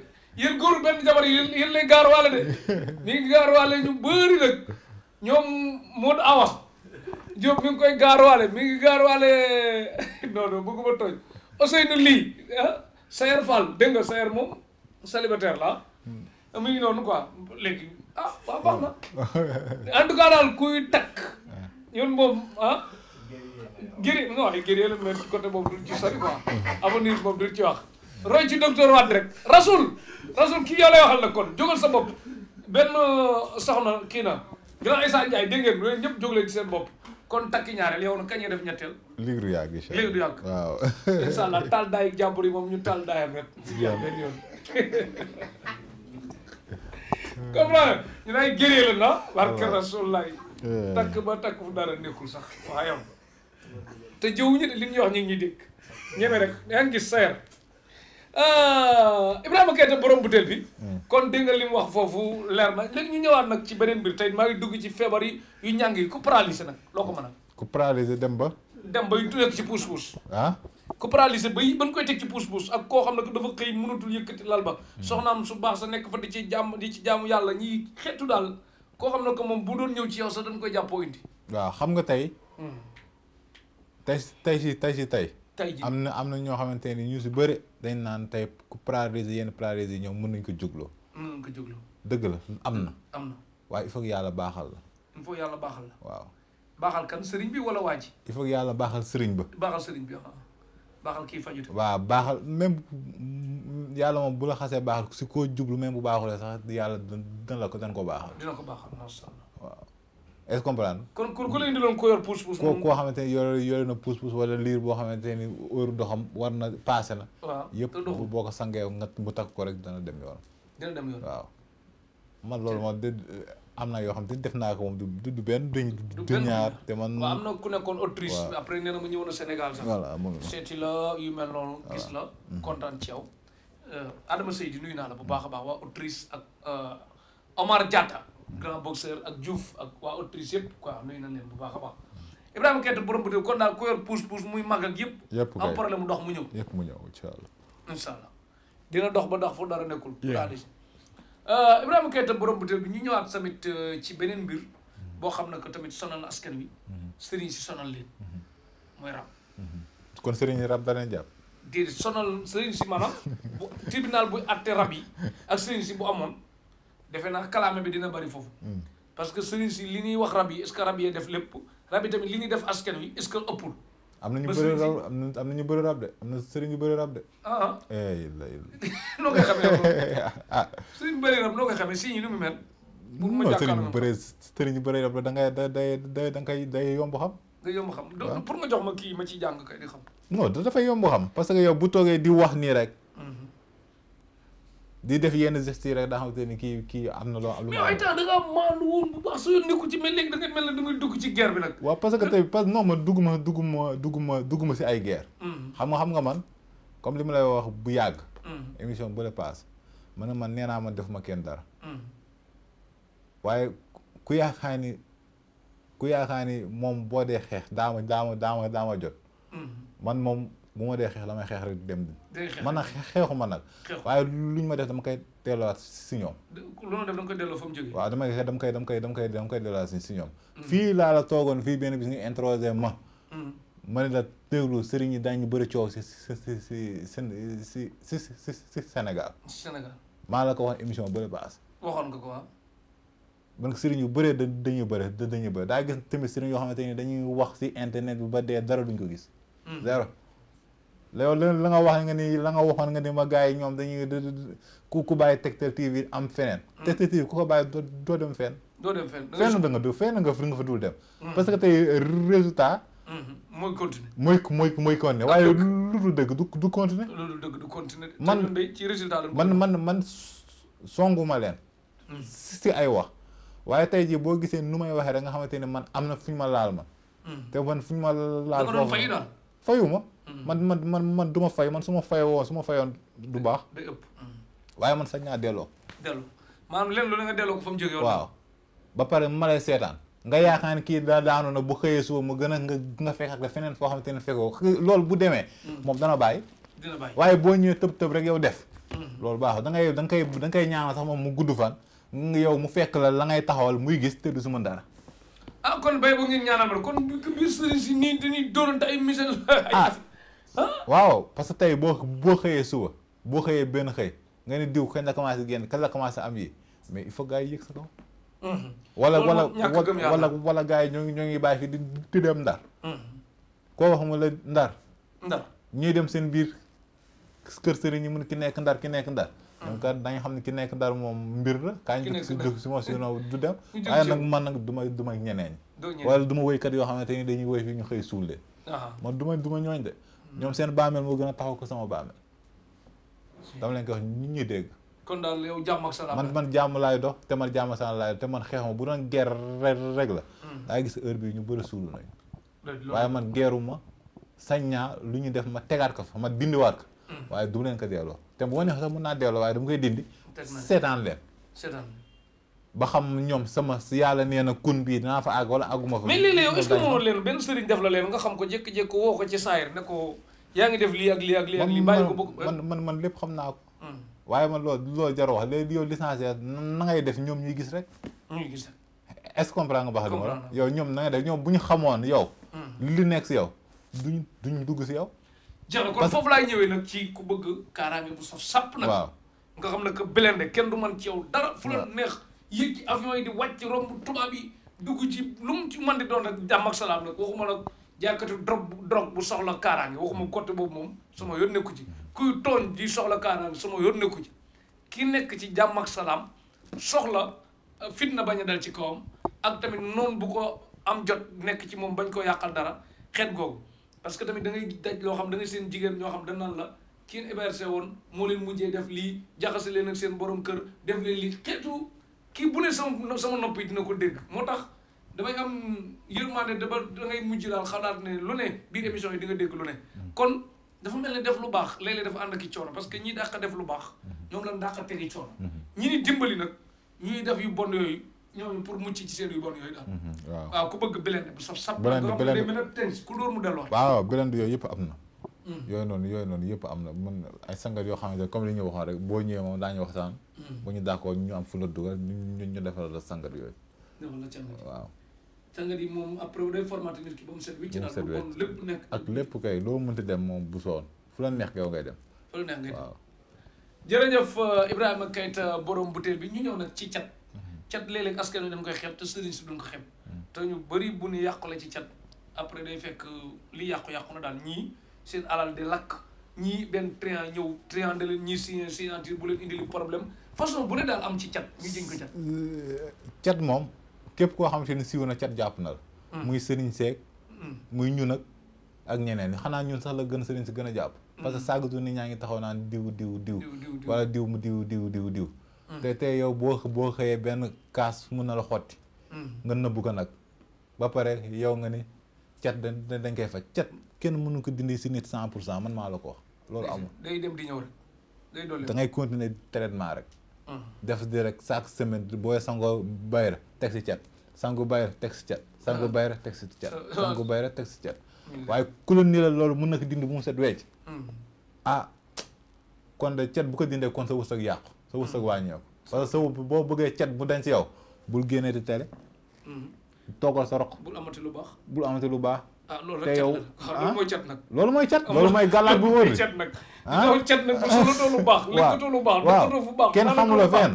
yéen góoru benn jabar yéen yéen lay gaar waale de mi ngi gaar ñu bëri nag ñoom Modou Awa Diop mi koy gaar waale mi ngi gaar waale non non bëgguma tooñ Ousseynou Ly ah Sayer Fall dégg nga Sayer moom célibataire la ah mi ngi noonu quoi léegi ah waaw baax na en tout cas daal kuy takk ah. yoon boobu ah géré non ay géré la mais côté boobu duñ ci sori quoi avenir boobu duñ ci wax roy ci docteur Wade rek rasul rasul kii yow lay waxal nag kon jógal sa bopp benn uh, soxna kii na grand Issa Ndiaye dégg ñëpp jóg leen ci seen bopp kon takki yow nag kañ def ñetteel. liggéey du yàgg incha allah liggéey du yàgg. waaw incha allah taal daay jàmbur yi moom ñu taal daayam rek. benn yoon. comme la ñu nay gëree la na barke rasulullah eh. takk ba takk fu dara nekkul sax waaye yow te jëwuñu de li ñu wax ñu ngi ñuy dégg ñeme rek yaa ngi gis sa Euh, Ibrahima Keita borom butéel bi. Hmm. kon dégg nga li mu wax foofu leer na léegi ñu ñëwaat nag ci beneen mbir tey maa ngi dugg ci feebar yi yu ñàng yi ku paralysé nag loo ko mën a. ku paralysé dem ba. dem ba yu nekk ci puus puus. ah ku paralysé ba koy teg ci puus puus ak koo xam ne dafa xëy mënatul yëkkati lal ba. Hmm. soxnaam su baax sa nekk fa di ci jàmm di ci jaamu yàlla ñiy xeetu daal koo xam ne que moom bu doon ñëw ci yow sax dañ koy jàppoo indi. waaw xam nga tey. Hmm. tey tey si tey si tey. tey ji am na am na ñoo xamante ni ñu si bëri dañ naan tey ku polariser yenn polariser yi ñoom mën nañ ko jugloo. mën nañ ko jugloo. dëgg la am na. am na waaye il faut yàlla baaxal la. il faut yàlla baaxal la. waaw baaxal sëriñ bi wala waa il faut yàlla baaxal sëriñ ba. baaxal sëriñ bi waaw baaxal kii fajute. baaxal même mm, yàlla moom bu la xasee baaxal si koo jublu même bu baaxulee sax yàlla dina la ko dina ko baaxal. dina ko baaxal macha allah waaw. est ce kon kon ku la indiloon ko yor pousse pousse. koo koo xamante ni yore yore na pousse pousse wala liir boo xamante ni heure doxam war na paase na. waaw boo ko sangee nga mu takk ko rek dana dem yoon. dem yoon waaw. man loolu moom de am na yoo xam te def naa ko moom du du benn duñ. du ñaar te man. waaw am na ku nekkoon Autriche. après nee na mu ñëw na Sénégal sax. voilà moom la yu mel noonu. gis mm-hmm. kontaan ci yow. Euh, Adama Seydi nuyu naa la bu baax a baax waa Autriche ak euh, Omar Diatta. grand boxeur ak Diouf ak waa Autriche yëpp quoi nuyu nañ leen bu baax a baax Ibrahima Keita borom bu dee kon daal ku yor pousse pousse muy màgg ak yëpp am problème mu dox mu ñëw yëpp mu ñëw incha allah dina dox ba dox fu dara nekkul daalisi euh, Ibrahima Keita borom bu dee bi ñu ñëwaat tamit euh, ci beneen mbir boo xam na que tamit sonal askan wi mm-hmm. sëriñ si sonal leen mm-hmm. mooy rab mm-hmm. kon sëriñ rab danañ jàpp di sonal sëriñ si maanaam bu tribunal buy atte rab yi ak sëriñ si amoon defe naa kalaame bi dina bari foofu. Mm. parce que sëriñ si li ñuy wax rab yi est rab yee def lépp rab yi tamit li ñuy def askan wi est ce que ëppul. am na ñu bëri rab am na ñu bëri rab de am na sëriñ yu bëri rab de. ah si ñu ni mu mel. pour ma jàkkaarloo non sëriñ bëri sëriñ bëri rab la da da day da nga day yomb xam. nga yomb xam ah. pour nga jox ma kii ma ci jàng kay di xam. non dafay yomb xam parce que yow bu toogee di wax nii rek di def yenn gestes yi rek daa xamante ni kii kii am na loo am. lu ma mais ay temps da su yoon nekku ci mais léegi da mel ne da nga dugg ci guerre bi nag. waaw parce que tey parce que non man dugg ma dugg ma dugg ma dugg ma si ay guerre. Mm-hmm. xam nga xam nga man comme li ma lay wax bu yàgg. Mm-hmm. émission bu la man nee naa man def ma kenn dara. Mm-hmm. waaye ku yaakaar ni ku yaakaar ni moom boo dee xeex daa ma daa daama daa jot. man moom. bu ma dee xeex la may xeex rek dem. man nag xeexu ma nag. waaye luñ ma def dama koy delluwaat si ma def dama koy delloo fa mu waaw dama koy dama koy dama koy dama koy dama koy delluwaat si ñoom. Mm. fii laa la toogoon fii benn bis nga introsé ma. Mm. ma ne la déglu sëriñ yi daañu bëri coow si si si si si si si si Sénégal. Sénégal la ko wax émission bëri baas. waxoon nga ko waaw. man sëriñ yu bëree da dañuy bëri da dañuy bëri daa gis tamit sëriñ yoo xamante ne dañuy wax si internet bi ba dee dara duñ ko gis. Mm. yow la nga wax nga ni la nga waxoon nga ni ma gars yi ñoom dañuy ku ku bàyyi Tektal TV am feneen. Mm. Tektal TV ku ko bàyyi doo dem fenn. doo dem fenn fenn da nga du fenn nga nga fa dul dem. Mm. parce que tey résultat. Mm-hmm. mooy continuer mooy mooy mooy continuer waaye lu dul dëgg du du continuer. lu dul dëgg du continuer. man ci résultat man man man songuma leen. Mm. si ay wax. waaye tey jii boo gisee nu may waxee rek nga xamante ne man am na fu ñu ma laal ma. te man fu ñu ma laal. foofu fayu ma. man man man man du ma fay man su ma fayoo su ma fayoon du baax. day ëpp. waaye man sa naa delloo. delloo maanaam lenn lu ne nga delloo ko fa mu jógee waaw ba pare ma lay seetaan. nga yaakaar ne kii da daanu na bu xëyee suba mu gën a nga nga fekk ak feneen foo xamante ne fekkoo loolu bu demee. moom dana bàyyi. dina bàyyi waaye boo ñëwee tëb tëb rek yow def. loolu baax da ngay da nga koy da nga koy sax moom mu gudd fan. yow mu fekk la la ngay taxawal muy gis te du su mën dara. ah kon bay bu ngeen ñaanal waaw parce que tey boo boo xëyee suba boo xëyee benn xëy nga ne diw kañ la commencé génn kañ la commencé am yi mais il faut gars yi yëg sa kaw. Mm-hmm. wala wala wala wala gars yi ñoo ngi ñoo ngi bàyyi di di dem ndar. Mm-hmm. koo wax mu la ndar. ñuy dem seen biir kër sëriñ ñi mun ki nekk ndar ki nekk ndar. Mm. donc da nga xam ne ki nekk ndar moom mbir la. kañ dëkk si moom si du dem. waaye nag man nag du ma du ma ñeneen. wala du ma wëykat yoo xamante ni dañuy wëy fi ñu xëy suul de. man du ma du ma ñooñ de. ñoom seen baamel moo gën a taxaw ko sama baamel dama leen ko wax ñu ñi dégg kon daal yow jàmm ak salaam man man jàmm laay dox te man jàmm salaam laay dox te man xeex ma bu doon guerre rek la hmm. daa gis heure bi ñu bëri suulu nañu waaye man geeru ma saññaa lu ñu def ma tegaat ko fa ma dindiwaat ko hmm. waaye du leen ko delloo te bu ma neex sax mën naa delloo waaye dama koy dindi seetaan leen ba xam ñoom sama yàlla nee na kun bii dinaa fa àgg wala àgguma fa. mais léeg yow est-ce que leen benn sëriñ def la leen nga xam ko jékki-jékki woo ko ci saayir ne yaa ngi def lii ak lii ak lii man man lépp xam naa ko. Hmm. waaye man loolu loolu jar wax léegi yow licencié na ngay def ñoom ñuy gis rek. ñuy gis rek. est-ce que comprendre baax ñoom na nga ñoom bu ñu xamoon yaw hmm. li nekk si yow du duñ dugg si yow. jërëjëf kon foofu laay ñëwee nag ci ku bëgg kaaraange bu saf sàpp nag. waaw nga xam ne que Blindé kenn du man ci yow dara fu la neex yëg ci avion yi di wàcc romb tubaab yi dugg ci lu mu ci mën di doon rek jàmm ak salaam nag waxuma nag jàkkatu drogue drogue bu soxla kaaraange waxuma côté boobu moom sama yoon nekku ci kuy tooñ di soxla kaaraange sama yoon nekku ci ki nekk ci jàmm ak salaam soxla euh, fitna bañ a dal ci kawam ak tamit noonu bu ko am jot nekk ci moom bañ koo yàqal dara xeet googu parce que tamit dangay ngay daj loo xam da ngay seen jigéen ñoo xam dañ naan la kiin hébergé woon moo leen mujjee def lii jaxase leen ak seen borom kër def leen lii xeetu kii bu ne sama sama nopp yi dina ko dégg moo tax damay am yërmande dama dangay mujj daal xalaat ne lu ne biir émission yi di nga dégg lu ne mm. kon dafa mel ne def lu baax léeg-léeg dafa ànd ak i coono parce que ñi dàq def lu baax mm-hmm. ñoom lan dàq tegi coono mm-hmm. ñi ni dimbali nag ñuy def yu bon yooyu ñooñu pour mucc ci seen yu bon yooyu daal mm-hmm. waaw ku bëgg a tens ku dóor yooyu yëpp am na mm. yooyu noonu yooyu noonu yëpp am na mën ay sangat yoo xamante comme li ñu waxoon rek boo ñëwee moom daañu waxtaan Hmm. bu ñu d'accord ñu am fu la dugal ñu ñu defal la sangat yooyu. defal la sangat waaw. sangat moom après day formaté nit ki ba mu set wicc daal lépp nekk. ak lépp kay loo mënti dem moom bu soon fu la neex yow ngay dem. fu la waaw. jërëjëf euh, Ibrahima Keita borom butéel bi ñu ñëw nag ci cat. Mhm. cat léeg-léeg askan wi dañ ngay xeeb te sëriñ si duñ ko xeeb. Mhm. te ñu bëri bu ñu yàqu la ci cat après day fekk li yàqu-yàqu na daal ñii seen alal di lakk ñii benn trian ñëw trian da leen ñii signature bu leen indi li problème façon bu ne daal am ci cat cat. moom képp koo xamante ni siw na cat jàpp na la. Hmm. muy sëriñ seeg. Hmm. muy ñun ak ak ñeneen yi xanaa ñun sax la gën sëriñ si gën a jàpp. Hmm. parce que saagatu nit ñaa ngi taxaw naan diw diw diw. wala diw mu diw diw diw diw. te tey yow boo boo xëyee benn kaas mun na la xotti. nga nëbbu ko nag. ba pare yow nga ni cat da dañ koy faj cat kenn mënu ko dindi si nit cent pour cent man maa la ko wax. loolu amul day dem di ñëw traitement rek. def di rek chaque semaine booy sangoo bayra teg si cat sangu bayra teg si cat sangu ah. bayra teg si cat sangu bayra teg si cat mm. waaye ku la ni la loolu mun na ko dindi bu mu set wecc mm. ah kon de cat bu ko dindee kon sa wërsëg yàqu sa wërsëg mm. wàññeeku parce que sa boo bëggee cat bu dañ si yow bul génnee di télé toogal sa roq bul amati lu baax ah loolu yow ah, ah? loolu mooy cat ah, loolu mooy cat loolu mooy gàllaat bu wër bi cat nag. ah cat nag bu solo lu baax. waaw kenn xamuloo fenn.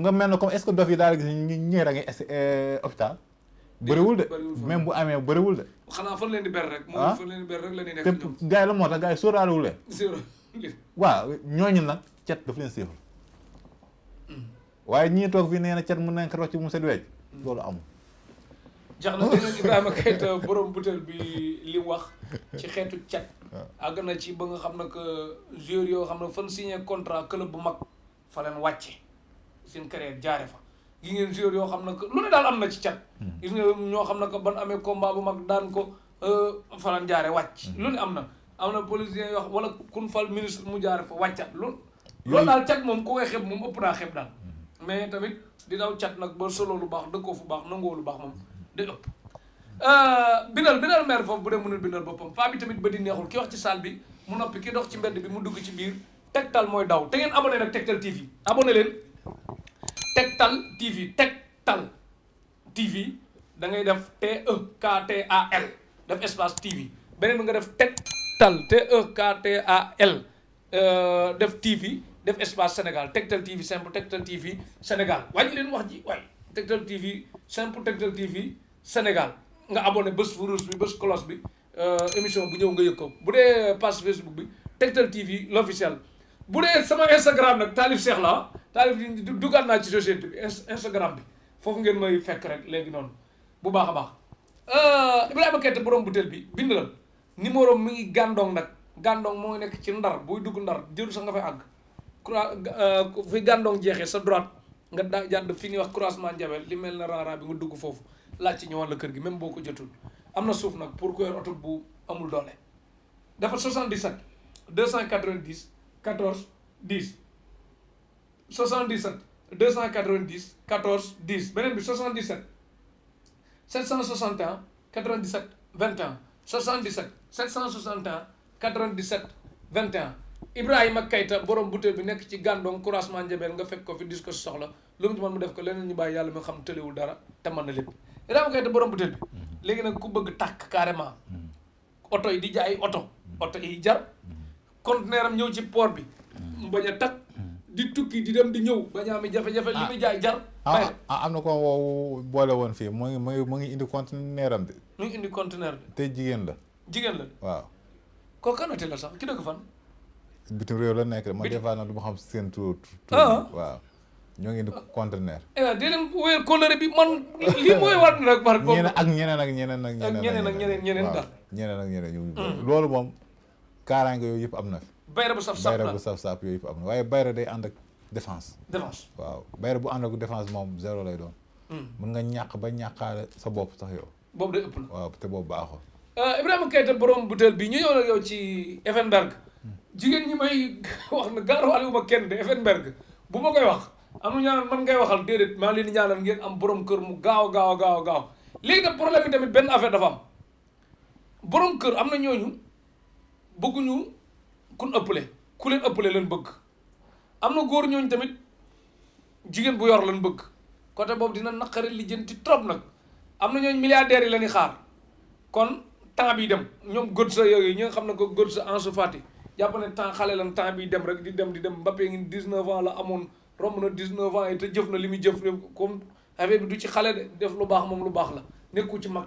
nga mel ne comme est-ce que dof yi daal gis ñu ñëwee da bëriwul de même bu amee bëriwul de. te gars la moo tax gars yi sóoraale wu leen. waaw ñooñu nag cat daf leen siifal. Mm. waaye ñii toog fii nee na cat mën nañ ko mu set wecc mm. loolu amul jax na beneen Ibrahima Keita borom butel bi li wax ci xeetu cat àgg na ci ba nga xam ne que joueurs yoo xam ne fan signé contrat club bu mag fa leen wàcce seen carrière jaare fa gi ngeen joueurs yoo xam ne que lu ne daal am na ci cat hmm. gis nga ñoo xam ne que ban amee combat bu mag daan ko euh, fa leen jaare wàcc hmm. lu ne am na am na policiers yoo xam wala kun fal ministre mu jaare fa wàccat loolu loolu daal cat moom ku koy xeeb moom ëpp naa xeeb daal hmm. mais tamit di daw cat nag ba solo lu baax dëkkoo fu baax nangoo lu baax moom day ëpp euh, bindal bindal maire foofu bu dee mënul bindal boppam faa bi tamit ba di neexul ki wax ci salle bi mu noppi ki dox ci mbedd bi mu dugg ci biir Tektal mooy daw te ngeen abonné nag Tektal TV abonné leen Tektal TV Tektal TV da ngay def T E K T A L def espace TV beneen bi nga def Tektal T E K T A L euh, def TV def espace Sénégal Tektal TV simple Tektal TV Sénégal wàññi leen wax ji waay Tektal TV simple Tektal TV. Sénégal nga abonné bés rouge bi bës cloche bi euh, émission bu ñëw nga yëg bu dee page Facebook bi Tektal TV l'officiel bu dee sama Instagram nag Taalif Cheikh la Taalif dugaat naa ci société bi Instagram bi foofu ngeen may fekk rek léegi noonu bu baax a baax euh, Ibrahima Keita borom butéel bi bind la numéro mi ngi gàndong nag gàndong moo ngi nekk ci ndar buy dugg ndar jëru sax nga fay àgg croix euh, fi gàndong jeexee sa droite nga daa jàdd fi ñuy wax croisement Ndiabel li mel na raaraa bi dugg foofu laajte ñëwaat la kër gi même boo ko jotul am na suuf nag pour ku yor oto bu amul doole dafa 77 290 14 10 77 290 14 10 beneen bi 77 761 97 21 77 761 97 21 Ibrahima Kayta borom butéel bi nekk ci gàndoom croisement njabeel nga fekk ko fi dis soxla lu mu ci mu def ko leneen ñu bàyyi yàlla mi xam tëlewul dara te mën na lépp Ibrahima Keita borom butéel bi léegi nag ku bëgg tàkk carrément oto yi di jaay oto oto yi jar conteneur am ñëw ci port bi bañ a takk di tukki di dem di ñëw bañ a am jafe-jafe li muy jaay jar ah, ah, ah am na ko woowu boole woon fii mu ngi mu ngi mu ngi indi conteneur am de mu ngi indi conteneur bi te jigéen la jigéen la waaw koo kanate la sax ki dëkk fan bitim réew la nekk de man des fois nag du ma xam seen tur tur ah. waaw ñoo ngi indi conteneur. aywa eh, déedéet wéyal kóllëre bi man lii mooy ak ñeneen ak ñeneen ak ñeneen ak ñeneen ak ñeneen ñeneen daal ñeneen ak mm. loolu moom kaaraange yooyu yëpp am na fi bayra bu saf saf bayra bu saf saf yooyu yëpp am na waaye bayra day ànd ak défense défense waaw bayra bu ànd ak défense moom zéro lay doon mm. mën nga ñàq ba ñàqaale sa bopp sax yow boobu day ëpp la waaw te boobu baaxul euh, Ibrahima butéel bi ñu ñëw ci Effenberg mm. jigéen ñi may wax na gaaruwaale bu ma kenn de Effenberg bu ma koy wax am na ñaanal man ngay waxal déedéet maa ngi leen di ñaanal am borom kër mu gaaw gaaw gaaw gaaw léegi nag problème bi tamit benn kër am na ñooñu bëgguñu kun ëppale ku leen leen bëgg am na góor ñooñu tamit jigéen bu yor leen bëgg côté boobu dina naqari lijjanti trop nag am na ñooñu milliardaires yi la ñuy xaar kon temps bi dem ñoom sa yooyu yi nga xam ne ko Götze Ansu Fati jàpp ne temps xale lan temps bi dem rek di dem di dem Mbappé ngi 19 ans la amoon. romb na 19 ans yi te jëf na li muy jëf comme affaire bi du ci xale de lu baax moom lu baax la nekku ci mag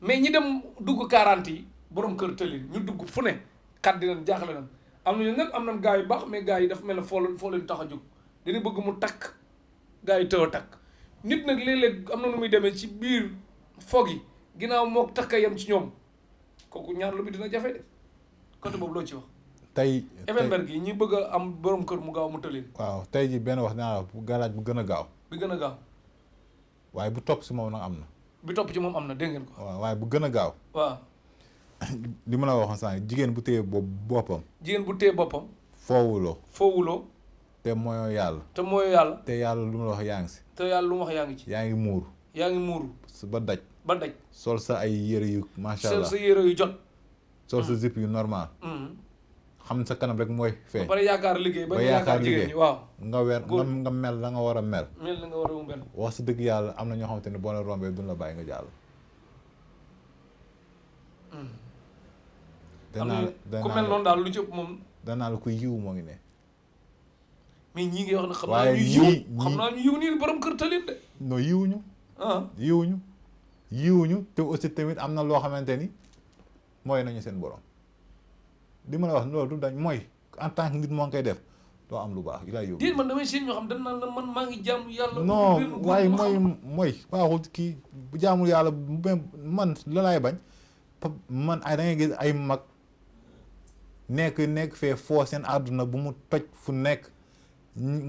mais ñi dem dugg 40 yi borom kër tëlin ñu dugg fu ne kat dinañ jaaxle nañ am nañu nag am nañ gars yu baax mais gars yi dafa mel ne foo leen foo tax a jóg dañu bëgg mu takk gars yi tëw a takk nit nag léeg am na nu muy demee ci biir foog yi ginnaaw mook takka yem ci ñoom kooku ñaar lu bi dina jafe de côté boobu loo ci wax tey. Evenberg yi ñi bëgg a am borom kër mu gaaw mu tëlin. waaw tey ji benn wax naa la garage bu gën a gaaw. bi gën a gaaw. waaye bu topp si moom nag am na. bu topp ci moom am na dégg ngeen ko. waaw waaye bu gën a gaaw. waaw. li ma la waxoon sànq jigéen bu téye boppam. jigéen bu téye boppam. foowuloo. foowuloo. te mooyoo yàlla. te mooyoo yàlla. te yàlla lu mu wax yaa ngi si. te yàlla lu ma wax yaa ngi ci. yaa ngi muuru. yaa ngi muuru. ba daj. ba daj. sol sa ay yére yu macha allah sol sa yére yu jot. sol sa mm. zip xam na sa kanam rek mooy fee ba yaakaar liggéey ba yaakaar liggéey waaw nga weer nga mel la nga war a mel wax sa dëgg yàlla am na ñoo xamante ne boo leen rombee duñ nga jàll hmm. danaa la ku mel noonu daal ku yiw moo ngi ne mais ñii ngi wax ne xam naa ñu yiw nii borom kër talit de non ah. yiwuñu yiwuñu te aussi tamit am na loo xamante ni mooy nañu seen borom li ma a wax loolu dañ mooy en tant que nit moo ngi koy def doo am lu baax ilaa yóbbu. déedéet la man maa ngi jaamu yàlla. non waaye mooy mooy baaxul kii bu jaamul yàlla man la laay man ay da ngay ay mag nekk nekk fee foo seen àdduna bu mu toj fu nekk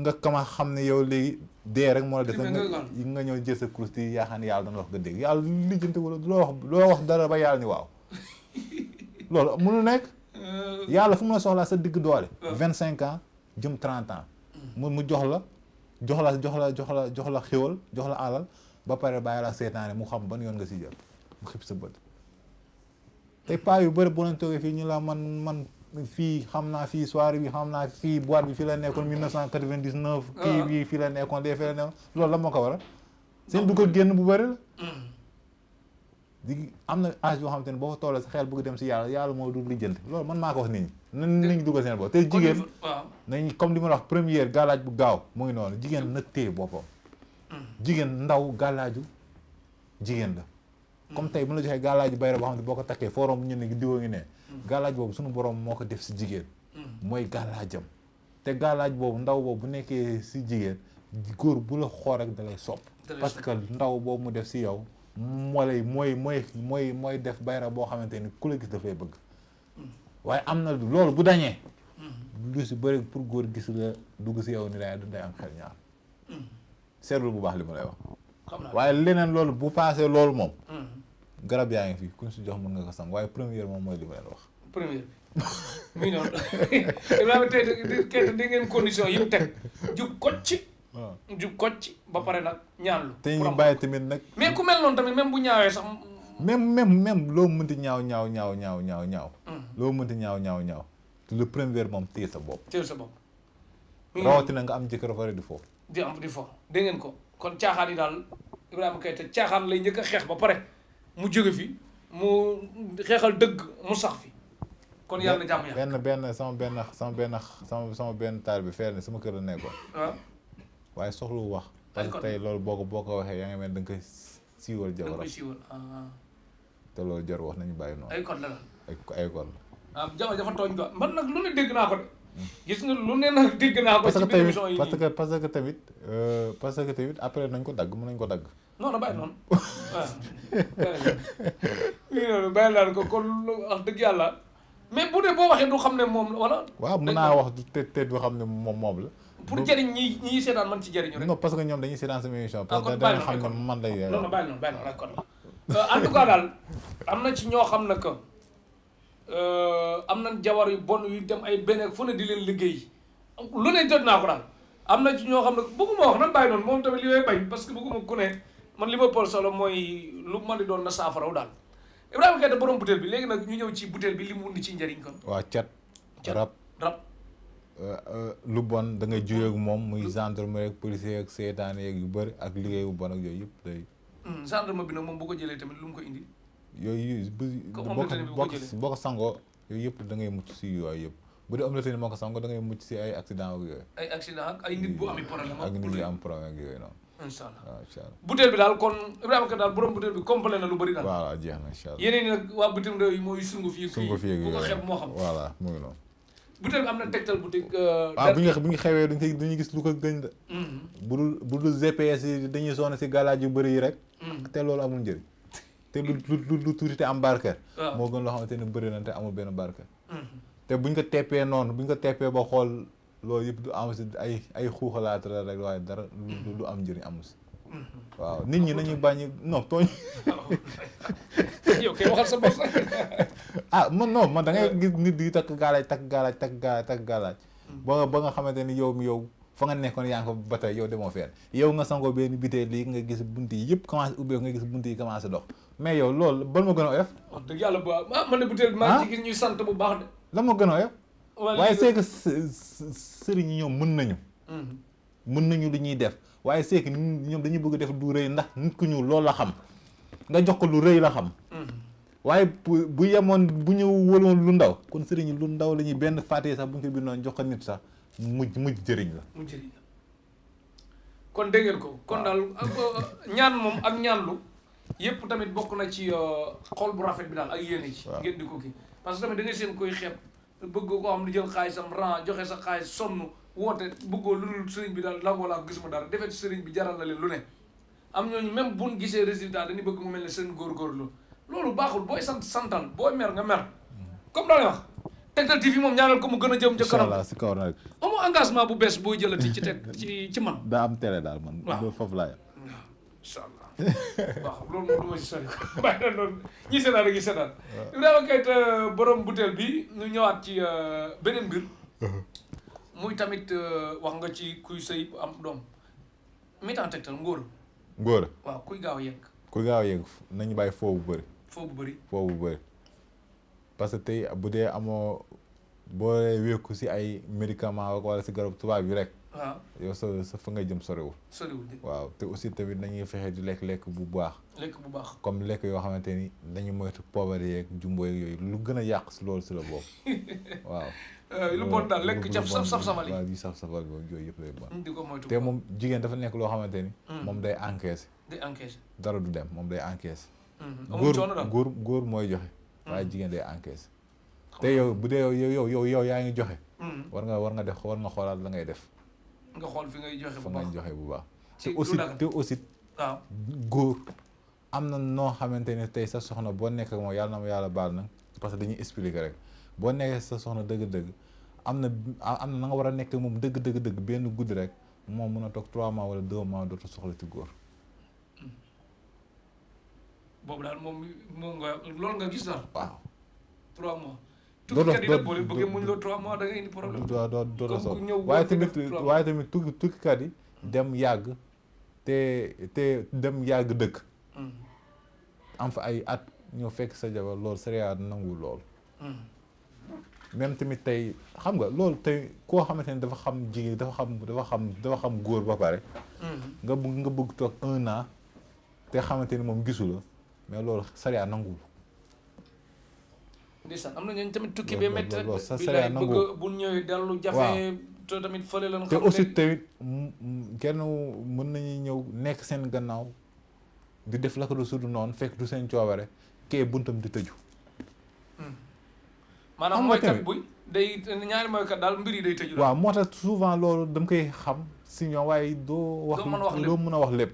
nga kama xam ne yow léegi dee rek moo la des nga ñëw jël sa kurus di yaaxaan yàlla dana wax nga dégg yàlla lijjanti wala loo wax loo wax dara ba yàlla ni waaw loolu mënu nekk. Euh, yàlla fu mu la soxlaa sa digg doole. Euh. vingt cinq ans jëm trente ans. Hmm. mu mu jox la jox la jox la jox la jox la xéwal jox la alal ba pare bàyyi la seetaane mu xam ban yoon nga si jël mu xib sa bët. tey paa yu bari bu leen toogee fii ñu la man man fii xam naa fii soirée bi xam naa fii boîte bi fii la nekkoon 1999. Ah. kii bi fii la nekkoon dee fii la nekkoon loolu la moo ko waral. seen du ko génn bu bëri la. Hmm. di am na âge yoo xamante ne boo fa toolee sa xel bëgg dem si yàlla yàlla moo du lijjanti loolu man maa ko wax nit ñi nan nañ dugal seen bopp te jigéen nañ comme li ma wax première gàllaaj bu gaaw mu ngi jigéen na téye boppam mm. jigéen ndaw gàllaaju jigéen la mm. comme tey bu la joxee gàllaaju bayra boo xam ne boo ko takkee forom ñu ne diwa ngi ne mm. gàllaaj boobu suñu boroom moo ko def si jigéen mooy gàllaajam te galaaj boobu ndaw boobu bu nekkee si jigéen góor bu la xool rek da lay sopp parce que ndaw boobu mu def si yow moo lay mooy mooy mooy mooy def bayra boo xamante ni ku la gis dafay bëgg waaye am na loolu bu dañee lu si bëri pour góor gis la dugg si yow ni day day am xel ñaar seetlu bu baax li ma lay wax waaye leneen loolu bu paasee loolu moom hmm. garab yaa ngi fii kuñ si jox mën nga ko sang waaye première moom mooy li ma leen wax première muy noonu Ibrahima tey tey di ngeen condition yi mu teg ko ci ju kocc ba pare nag ñaan lu. te ñu bàyyi tamit nag. mais ku mel noonu tamit même bu ñaawee sax. même même même loo mënti ñaaw ñaaw ñaaw ñaaw ñaaw ñaaw. Hmm. loo mënti ñaaw ñaaw ñaaw. te le premier moom téye sa bopp. téye sa bopp. rawatina nga am jëkkër fa di foofu. di am di foofu dégg ko kon caaxaan yi daal Ibrahima Keita caaxaan lay njëkk a xeex ba pare mu jóge fi mu xeexal dëgg mu sax fi. kon yàlla na jàmm yàlla benn benn sama benn sama benn sama sama benn taal bi feer ne sama kër la nekkoon. Ah. waaye soxlu wax. parce que loolu boo ko boo ko waxee yaa ngi mel da nga koy siiwal jabaram ah. te loolu jar wax nañu bàyyi noonu. ay code la ay ay code la. ah Jama dafa tooñ quoi man nag lu ne dégg naa ko de. Hmm. gis nga lu ne nag dégg naa ko. ci biir émission yi parce que parce que tamit euh, parce que après nañ ko dagg mën nañ ko dagg. non non bàyyi noonu waaw. Ah, lii noonu ko kon dëgg yàlla mais bu dee boo waxee du xam ne moom la wala. waaw mën naa wax te te du xam ne moom moom la. pour jëriñ ñi ñi seetaan man ci jëriñu rek. non parce que ne man lay. non non bàyyi noonu bàyyi noonu d'accord euh, en tout cas am na ci ñoo xam ne que euh, am nañ jabar yu bon yu dem ay benn fu ne di leen liggéey lu ne jot naa ko daal am na ci ñoo xam ne bëgguma wax nan bàyyi noonu moom tamit li may bañ parce que bëgguma ku ne man li ma pol solo mooy lu man di doon na saafaraw daal Ibrahima Keita borom butéel bi léegi nag ñu ñëw ci butéel bi li mu di ci njëriñ kon. waaw cat. cat rab. Euh, euh, lu bon da nga juyee moom muy gendarme rek policier ak seytaane yeeg yu bëri ak liggéey bu bon ak yooyu yëpp day. Hmm, gendarme bi nag moom bu ko jëlee tamit lu mu yooyu bu boo ko boo ko sangoo yooyu yëpp da ngay mucc si yooyu yëpp bu dee omelette moo ko sangoo da ngay mucc si ay accident ak yooyu. ay accident ak ay nit bu am problème ak yooyu noonu. bi daal kon Ibrahima Kane daal borom butéel bi complet na lu bëri daal. a jeex na incha allah yeneen nag waa bitim réew yi mooy sunguf yi. sunguf yi ak yooyu bu ko moo xam. voilà mu ngi noonu. butéel bi am na tegtal boutique. Euh, waaw bu ñu bu ñu xewee dañuy gis lu ko gën mm-hmm. bu dul bu dul GPS yi dañuy sonn si galaaj yu bëri yi rek. Mm-hmm. te loolu amul njëriñ. te lu lu lu tuuti te am barke. moo gën loo xamante ne bëri na te amul benn barke. Mm-hmm. te bu buñ ko teppee noonu bu buñ ko teppee ba xool loolu yëpp du am si ay ay xuuxalaat rek waaye dara. lu am njëriñ amul si. waaw nit ñi nañu bàññi no tooñ. yow kay ah, man non man da ngay gis nit di takk gaalaaj takk gaalaaj takk gaalaaj takk gaalaaj. Mm. ba ba nga xamante ni yow mi yow fa nga nekkoon yaa ngi ko ba tey yow demoo fenn yow nga sangoo benn bitee lii nga gis bunt yi yëpp commencé ubbeeku nga gis bunt yi commencé dox mais yow loolu ban ma gën a oyof. wax dëgg yàlla bu ah man ah? gis ñuy sant bu baax de. lan ma gën a oyof. waaye c'est së sëriñ yi ñoom mën nañu. Mm-hmm. mën nañu li ñuy def. waaye c'est ñoom dañuy bëgg def du rëy ndax nit ku ñuul loolu la xam nga jox ko lu rëy la xam waaye bu yemoon bu ñu wëloon lu ndaw kon sëriñ lu ndaw lañuy benn fàtte sax bu ñu ko bindoon jox ko nit sax mujj mujj jëriñ la kon dégg ko kon daal ñaan moom ak ñaanlu yépp tamit bokk na ci euh, xol bu rafet bi daal ak yi ci ngeen di ko kii parce que tamit da ngay seen koy xeeb bëgg koo xam ne jël xaalisam ran joxe sa xaalis sonn woote bëggoo lu dul sëriñ bi daal la laa ko gisuma dara defet sëriñ bi jaral na leen lu ne am ñooñu même buñ gisee résultat dañuy bëgg mu mel ne seen góorgóorlu loolu baaxul booy sant santal booy mer nga mer comme daal wax Tektal TV moom ñaanal ko mu gën a jëm ca kanam si kaw na rek amoo bu bees booy jëlati ci teg ci ci man daa am télé daal man waaw foofu laa yem incha waaw loolu moom du ma si sori bàyyi na loolu ñi seetaan rek ñi seetaan Ibrahima Keita borom butéel bi ñu ñëwaat ci euh, beneen mbir uh-huh. muy tamit euh, wax nga ci kuy sëy am doom mitan tegtal ngóor ngóor waaw kuy gaaw yegg kuy gaaw yegg nañu bàyyi foo bu bëri foofu bu bëri foo bu bëri parce que tey bu dee amoo boo wékku si ay médicament wala si garab tubaab yi rek waaw yow sa sa nga jëm soriwul soriwul waaw te aussi tamit nañuy fexe di lekk lekk bu baax lekk bu baax comme lekk yoo xamante ni dañu moytu poobar yeeg jumbo yeeg yooyu lu gën a yàq si loolu si la boobu waaw Euh, lu bon daal lekk caf saf saf safali waaw saf safal boobu yooyu yëpp lay bon di ko te moom jigéen dafa nekk loo xamante ni hmm. moom day encaissé day encaissé dara du dem moom day encaissé hmm, góor góor góor mooy joxe hmm. waaye jigéen day encaissé te yow bu dee yow yow yow yaa ngi joxe war nga war nga def war nga xoolaat la ngay def nga xool fi ngay joxe bu baax fa ngay joxe bu baax te aussi te aussi waaw góor am na noo xamante ne tey sa soxna boo nekk ak moom yàlla na ma yàlla baal na parce que dañuy expliquer rek boo nekkee sa soxna dëgg-dëgg am na am na na war a nekk moom dëgg dëgg dëgg benn guddi rek moom mën a toog trois mois wala deux mois dootu soxla ci góor. boobu moom moom nga loolu nga mois. tukkikat yi nag boo leen bëggee muñ loo trois waaye tamit waaye tamit tukkikat yi dem yàgg te dem yàgg dëkk. Mm. am fa ay at ñëw fekk sa jabar lool sériya nanguwu lool. même tamit tey xam nga loolu tey koo xamante ne dafa xam jigéen dafa xam dafa xam dafa xam góor ba pare. Mm-hmm. nga bëgg nga bëgg toog un an te xamante ni moom gisu la mais loolu sariya nanguwul. ndeysaan am na ñooñu tamit tukki sa sariya nanguwul bu dalu jafe. te tamit fële lan aussi tamit kenn mën nañuy ñëw nekk seen gannaaw di def la ko du sudu noonu fekk du seen coobare kee buntam di tëju. maanaam mooykat buy day ñaari mooykat daal mbir yi day tëju waaw moo tax souvent loolu dama koy xam si waaye doo wax doo mën a wax lépp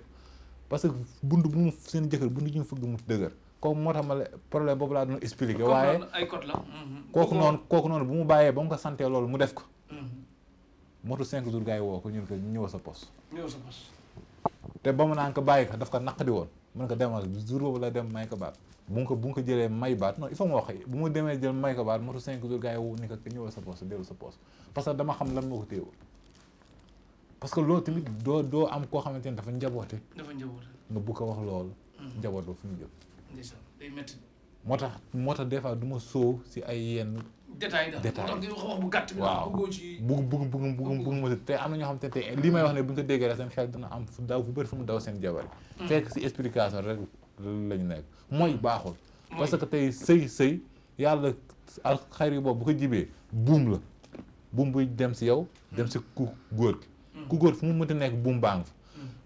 parce que bunt bu mu seen jëkkër bund ñu fëgg mu dëgër kooku moo tax ma problème boobu laa doon waaye ay code la mm-hmm. kooku noonu kooku noonu bu mu bàyyee ba mu ko santee loolu mu def ko mm-hmm. motu cinq jours gars yi woo ko ñun ko ñëw sa pos ñëw te ba mu naan ko bàyyi ko daf ko naq di woon mën ko demal jour boobu la dem may ko baat bu nga ko bu nga jëlee may baat non il ma wax bu mu demee jël may ko baat motu ko ñëwal que dama tamit doo doo am koo xamante ne dafa njaboote dafa njaboote bu ko wax loolu hmm. njaboot ba fu ñu jëm ndeysaan moo tax moo tax des fois du ma sóow si ay yenn détail wax bu gàtt bugg bugg bugg bugg bugg te am na ñoo xam te te li may wax ne bu ñu ko déggee rek seen xel dina am fu daw fu bëri fu mu daw seen jabar hmm. fekk si explication rek lañu nekk mooy hmm. baaxul. parce que tey sëy sëy yàlla al xayri boobu bu ko jibee buum la buum buy dem si yow. Hmm. dem si ku góor ki. Hmm. ku góor fu mu mënti nekk buum baa nga fa.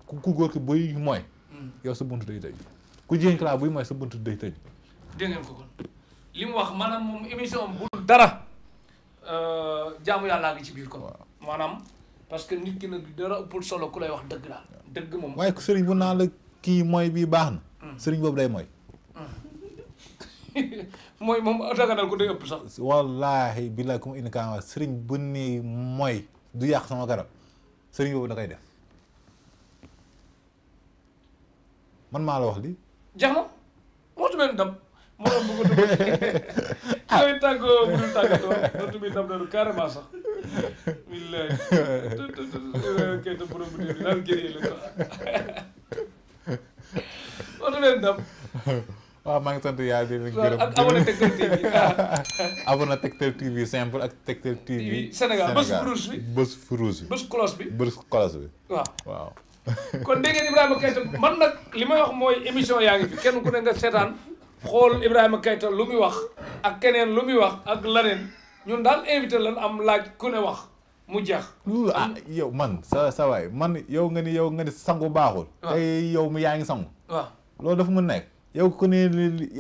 ku góor ki buy mooy. yow sa bunt day tëj ku jigéen ki laa buy mooy sa buntu day tëj. dégg ko li mu wax maanaam moom émission am bu dara euh, jaamu yàllaa ngi ci biir ko kon. maanaam parce que nit ki nag dara ëppul solo ku lay wax dëgg daal dëgg moom. waaye sëriñ bu naa la kii mooy bii baax na. sëriñ boobu day mooy. mooy moom daganal ko day ëpp sax. wallaahi billaahi ku ma indi kaa sëriñ bu ne mooy du yàq sama garab sëriñ boobu da def man maa la wax li jeex na moo tamit dam moo doon bëgg a dugg looy tàggoo mënul tàggatoo moo tamit dam loolu carrément sax. billaay kay te borom bu dee daal gëree la sax. waaw maa ngi sant yàlla di leen gërëm ak abonné Tektal TV abonné Tektal TV simple ak Tektal TV Sénégal bés rouge bi bés rouge bi bés cloche bi waaw waaw kon dégg ngeen Ibrahima Keita man nag li may wax mooy émission yaa ngi fi kenn ku ne nga seetaan xool Ibrahima Keita lu muy wax ak keneen lu muy wax ak laneen ñun daal invité lan am laaj ku ne wax mu jeex. ah yow man sa sa waay man yow nga ni yow nga ni sangu baaxul. Ah. tey yow mi yaa ngi sangu. Ah. loolu dafa mu nekk. yow ku ne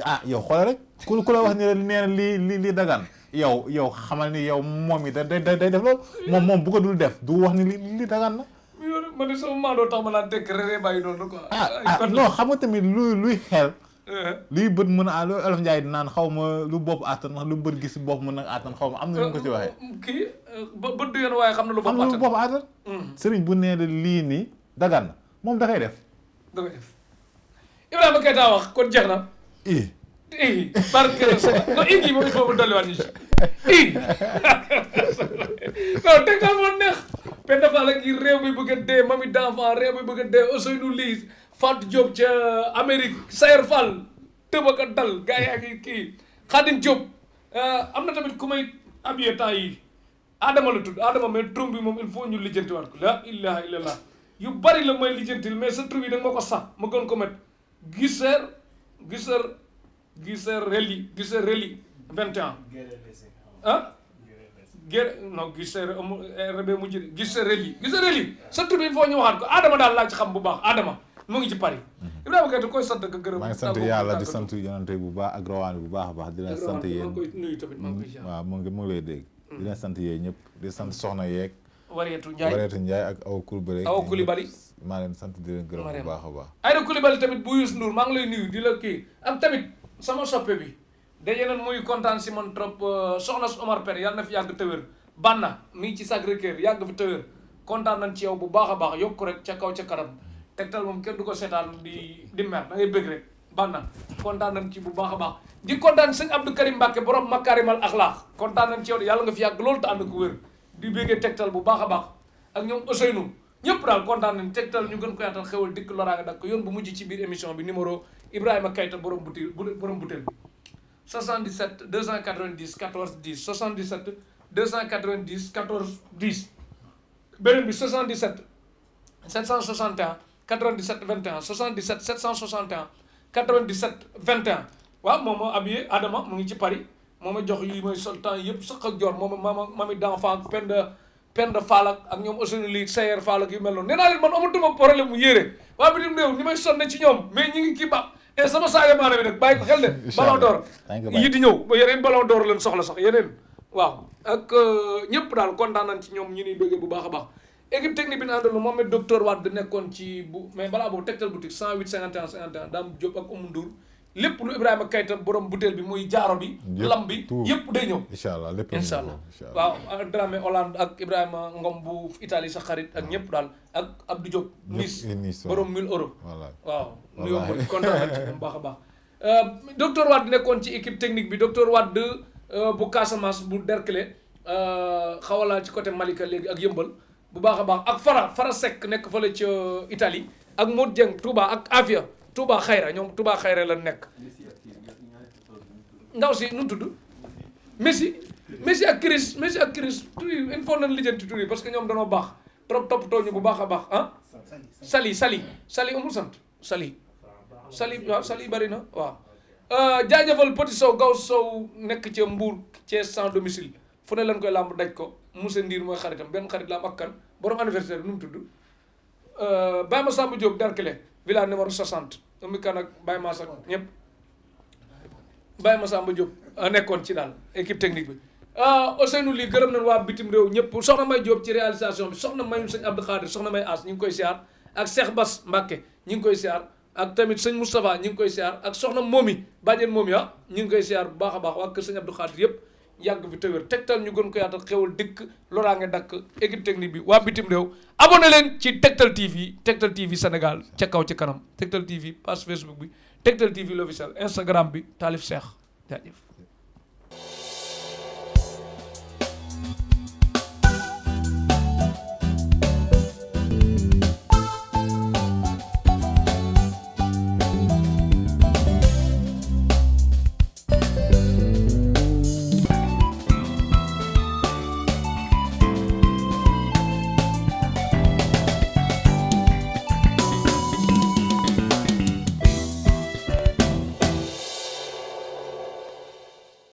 ah yow xoolal ku ku la wax ni la nee na lii lii dagaan yow yow xamal ni yow moom yi da day day def loolu moom moom bu dul def du wax ni lii lii dagaan na. yow man de sama maa tax ma naan tekk rek bàyyi noonu quoi. ah ah non xam nga tamit luy luy xel. luy bët mën a loolu olof Njaay di naan xaw ma lu bopp àttan wax lu bët gis bopp mën a àttan xaw ma am na ñu ko ci waxee. kii bët du yoon waaye xam na lu bopp àttan na lu sëriñ bu nee lii nii dagan na moom da koy def. i i barke la sa non i gi moom naa mi bëgg a dee mami d'enfant réew mi bëgg a dee Ousseynou Lise Fat Diop ca Amérique Sayer Fall tëbaka dal gars yaa ngi kii Khadim Diop euh, am na tamit ku may abiyé temps yi Adama la tudd Adama mais turam bi moom il faut ñu lijjantiwaat ko la ilaha illallah yu bari la may lijjantil mais sa tur bi nag ma ko sax ma gën ko met Giser Giser Giser Reli Giser Reli 21. ah. Gere non Giser amul euh, RB mujj Giser Reli Giser Reli sa tur bi il faut ñu waxaat ko Adama daal laaj xam bu baax Adama. mu ngi ci Paris. koy sant ak maa ngi sant yàlla di sant yonante bu baax ak rawaani bu baax a baax. di leen sant yéen waaw mu ngi mu ngi lay dégg. di leen sant yéen ñëpp di sant soxna yeeg. Wareetu Ndiaye Wareetu Ndiaye ak Awa Coulibaly. Awa Coulibaly maa leen sant di leen gërëm baax a baax. Aïda Coulibaly tamit bu Youssou Ndour maa ngi lay nuyu di la tamit sama soppe bi daje nañ muy kontaan si man trop euh, soxna su Omar Pène yàlla na fi yàgg tëwër banna mi ci Sacré Cœur yàgg fi tëwër kontaan nañ ci yow bu baax a baax yokk rek ca kaw ca kanam Tektal moom kenn du ko seetaan di di mer da ngay bëgg rek baax na ci bu baax a baax di kontaan sëñ Abdou Karim Mbacke borom makaarimal axlaax kontaan nañ ci yow yàlla nga fi yàgg loolu te ànd ko wér di bëggee Tektal bu baax a baax ak ñoom Ousseynou ñëpp daal kontaan nañ Tektal ñu gën ko yaatal xewal dikk loraanga dak ko yoon bu mujj ci biir émission bi numéro Ibrahima Kayta borom butéel borom butéel 77 290 14 10 77 290 14 10 beneen bi 77 97 21 77 761 97 21 waaw moom moo habillé Adama mu ngi ci Paris moo ma jox yi mooy sol temps yëpp sëq ak joor moom mama mami d'enfant Penda Penda Fall ak ñoom Ousseynou Ly Sayer Fall ak yu mel noonu nee naa leen man amatuma problème mu yére waa bi dim réew ñi may sonne ci ñoom mais ñi ngi kii ba e sama saayo maana bi nag bàyyi ko xel de ballon d'or yi ñëw yeneen ballon d'or leen soxla euh, bu baax a baax équipe technique bi ñu àndaloon Mohamed docteur Wade nekkoon ci bu mais balaa boobu Tektal boutique 108 lépp lu Ibrahima Kayta borom butéel bi muy jaaro bi. lam day ñëw. incha allah lépp incha allah waaw bu Italie sa xarit ak ah. ñëpp daal ak Abdou Diop. Nice borom 1000 euros. waaw nuyoo mooy kontaan nañ euh, nekkoon ci équipe technique bi docteur Wade euh, bu Casamance bu Derklé euh, xawalaa ci côté Malika léegi ak Yëmbal. bu baax a baax ak Fara Fara sekk nekk fële ci uh, Italie ak Modou Dieng Touba ak Afia Touba Xayra ñoom Touba Xayra la nekk. ndaw si nu mu tudd. Messi Messi ak Chris Messi ak Chris tur yi il faut nañ lijjanti tur yi parce que ñoom danoo baax trop toppatoo ñu bu baax a baax ah. Sali Sali Sali amul sant Sali. Sali waaw Sali bari na waaw. Euh, jaajëfal Petit Sow Gaw Sow nekk ca Mbour Thiès sans domicile fu ne leen koy làmb daj ko. Moussa Ndiir mooy xaritam benn xarit la am ak kan borom anniversaire bi nu mu tudd euh, Baye Massamba Diop Derklé village numéro 60 Oumy Kane ak Baye Massa ak ñëpp Baye Massamba Diop euh, nekkoon ci daal équipe technique bi. Euh, Ousseynou lii gërëm nañu waa bitim réew ñëpp soxna May Diop ci réalisation bi soxna Mayum sëñ Abdou Khadir soxna May As ñu ngi koy siyaar ak Cheikh Bass Mbacké ñu ngi koy siyaar. ak tamit sëñ Moustapha ñu ngi koy siyaar ak soxna Momi bàjjen Momi ah ñu ngi koy siyaar bu baax a baax waa kër sëñ yëpp yàgg bi tëwër tegtal ñu gën ko yaatal xewal dëkk loraange dakk équipe technique bi waa bitim réew abonné leen ci tegtal TV tegtal TV Sénégal ca kaw ci kanam tegtal TV page Facebook bi tegtal TV l'officiel Instagram bi Taalif Cheikh